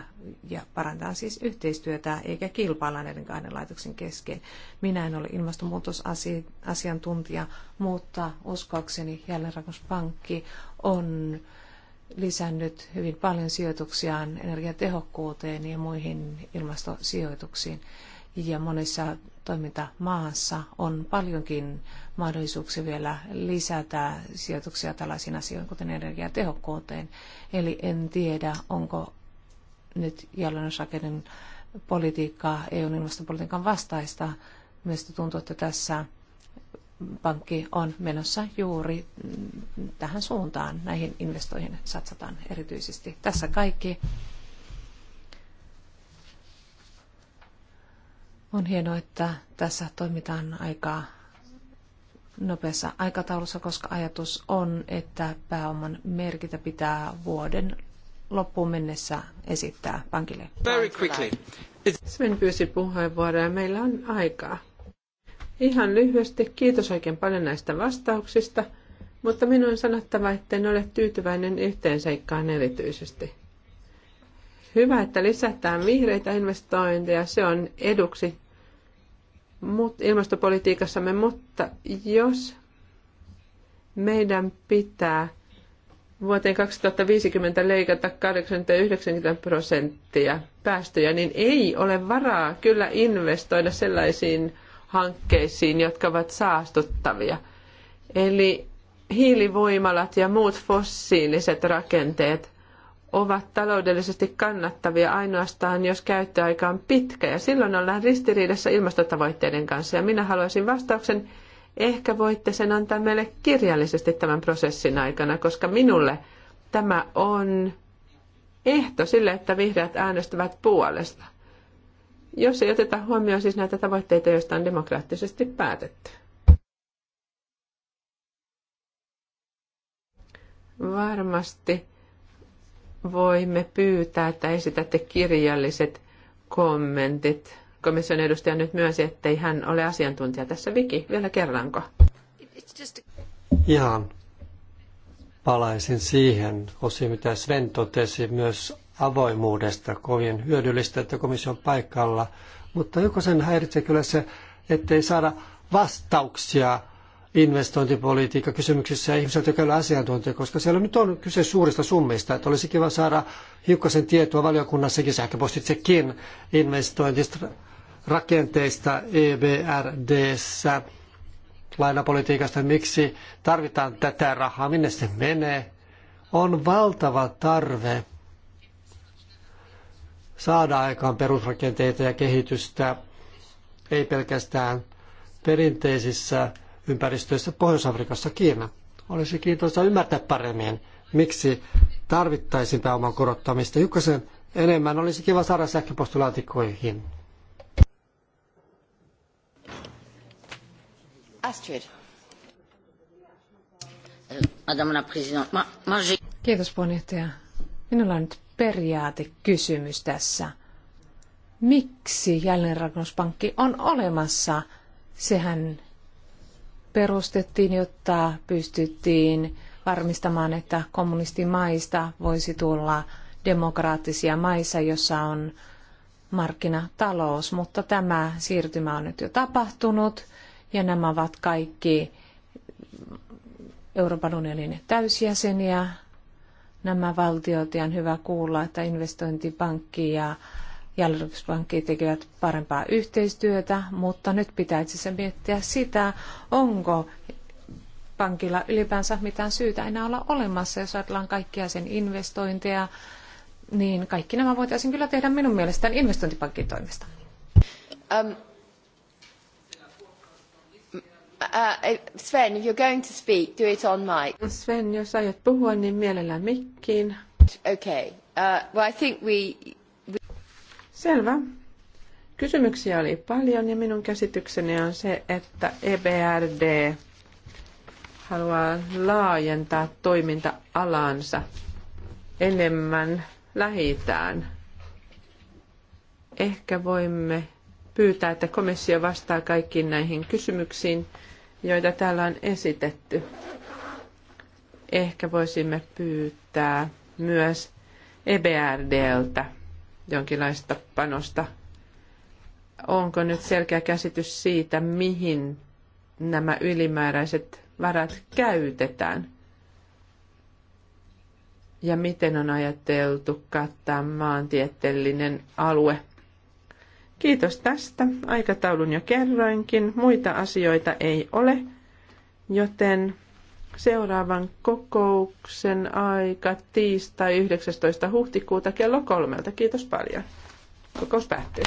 Speaker 1: ja parantaa siis yhteistyötä eikä kilpailla näiden kahden laitoksen kesken. Minä en ole ilmastonmuutosasiantuntija, mutta uskoakseni jälleenrakennuspankki on lisännyt hyvin paljon sijoituksiaan energiatehokkuuteen ja muihin ilmastosijoituksiin. Ja monessa toimintamaassa on paljonkin mahdollisuuksia vielä lisätä sijoituksia tällaisiin asioihin, kuten energiatehokkuuteen. Eli en tiedä, onko nyt jalonosakeiden politiikka EUn ilmastopolitiikan vastaista. Mielestäni tuntuu, että tässä pankki on menossa juuri tähän suuntaan. Näihin investoihin satsataan erityisesti. Tässä kaikki. On hienoa, että tässä toimitaan aikaa nopeassa aikataulussa, koska ajatus on, että pääoman merkitä pitää vuoden loppuun mennessä esittää pankille.
Speaker 2: Very quickly.
Speaker 1: Sven pyysi puheenvuoroa
Speaker 3: ja meillä on aikaa. Ihan lyhyesti, kiitos oikein paljon näistä vastauksista, mutta minun on sanottava, että en ole tyytyväinen yhteen seikkaan erityisesti. Hyvä, että lisätään vihreitä investointeja, se on eduksi mut, ilmastopolitiikassamme, mutta jos meidän pitää vuoteen 2050 leikata 80-90 prosenttia päästöjä, niin ei ole varaa kyllä investoida sellaisiin hankkeisiin, jotka ovat saastuttavia. Eli hiilivoimalat ja muut fossiiliset rakenteet ovat taloudellisesti kannattavia ainoastaan, jos käyttöaika on pitkä, ja silloin ollaan ristiriidassa ilmastotavoitteiden kanssa. Ja minä haluaisin vastauksen, ehkä voitte sen antaa meille kirjallisesti tämän prosessin aikana, koska minulle tämä on ehto sille, että vihreät äänestävät puolesta. Jos ei oteta huomioon siis näitä tavoitteita, joista on demokraattisesti päätetty. Varmasti voimme pyytää, että esitätte kirjalliset kommentit. Komission edustaja nyt myös, ettei hän ole asiantuntija tässä. Viki, vielä kerranko?
Speaker 2: Ihan palaisin siihen osin, mitä Sven totesi myös avoimuudesta. Kovin hyödyllistä, että komission paikalla. Mutta joko sen häiritsee kyllä se, ettei saada vastauksia investointipolitiikka kysymyksissä ja ihmiset, jotka ovat asiantuntija, koska siellä nyt on kyse suurista summista, että olisi kiva saada hiukkasen tietoa valiokunnassakin sähköpostitsekin investointirakenteista rakenteista EBRDssä lainapolitiikasta, miksi tarvitaan tätä rahaa, minne se menee. On valtava tarve saada aikaan perusrakenteita ja kehitystä, ei pelkästään perinteisissä ympäristöissä pohjois afrikassa Kiina Olisi kiintoista ymmärtää paremmin, miksi tarvittaisiin pääoman korottamista. Jukkasen enemmän olisi kiva saada sähköpostilaatikoihin.
Speaker 1: Astrid.
Speaker 3: Madame la Présidente.
Speaker 1: Kiitos puheenjohtaja. Minulla on nyt periaatekysymys tässä. Miksi jälleenrakennuspankki on olemassa? Sehän perustettiin, jotta pystyttiin varmistamaan, että kommunistimaista voisi tulla demokraattisia maissa, jossa on markkinatalous, mutta tämä siirtymä on nyt jo tapahtunut ja nämä ovat kaikki Euroopan unionin täysjäseniä. Nämä valtiot ja on hyvä kuulla, että investointipankki ja Jalostuspankki tekevät parempaa yhteistyötä, mutta nyt pitäisi se miettiä sitä, onko pankilla ylipäänsä mitään syytä enää olla olemassa, jos ajatellaan kaikkia sen investointeja, niin kaikki nämä voitaisiin kyllä tehdä minun mielestäni investointipankin toimesta.
Speaker 3: Um, uh, uh Sven, you're going to speak, do it on mic. Sven, jos aiot puhua, niin mielellään mikkiin. Okay.
Speaker 1: Uh, well, I think we
Speaker 3: Selvä. Kysymyksiä oli paljon ja minun käsitykseni on se, että EBRD haluaa laajentaa toiminta-alansa enemmän lähitään. Ehkä voimme pyytää, että komissio vastaa kaikkiin näihin kysymyksiin, joita täällä on esitetty. Ehkä voisimme pyytää myös EBRDltä jonkinlaista panosta. Onko nyt selkeä käsitys siitä, mihin nämä ylimääräiset varat käytetään? Ja miten on ajateltu kattaa maantieteellinen alue? Kiitos tästä. Aikataulun jo kerroinkin. Muita asioita ei ole, joten Seuraavan kokouksen aika tiistai 19. huhtikuuta kello kolmelta. Kiitos paljon. Kokous päättyy.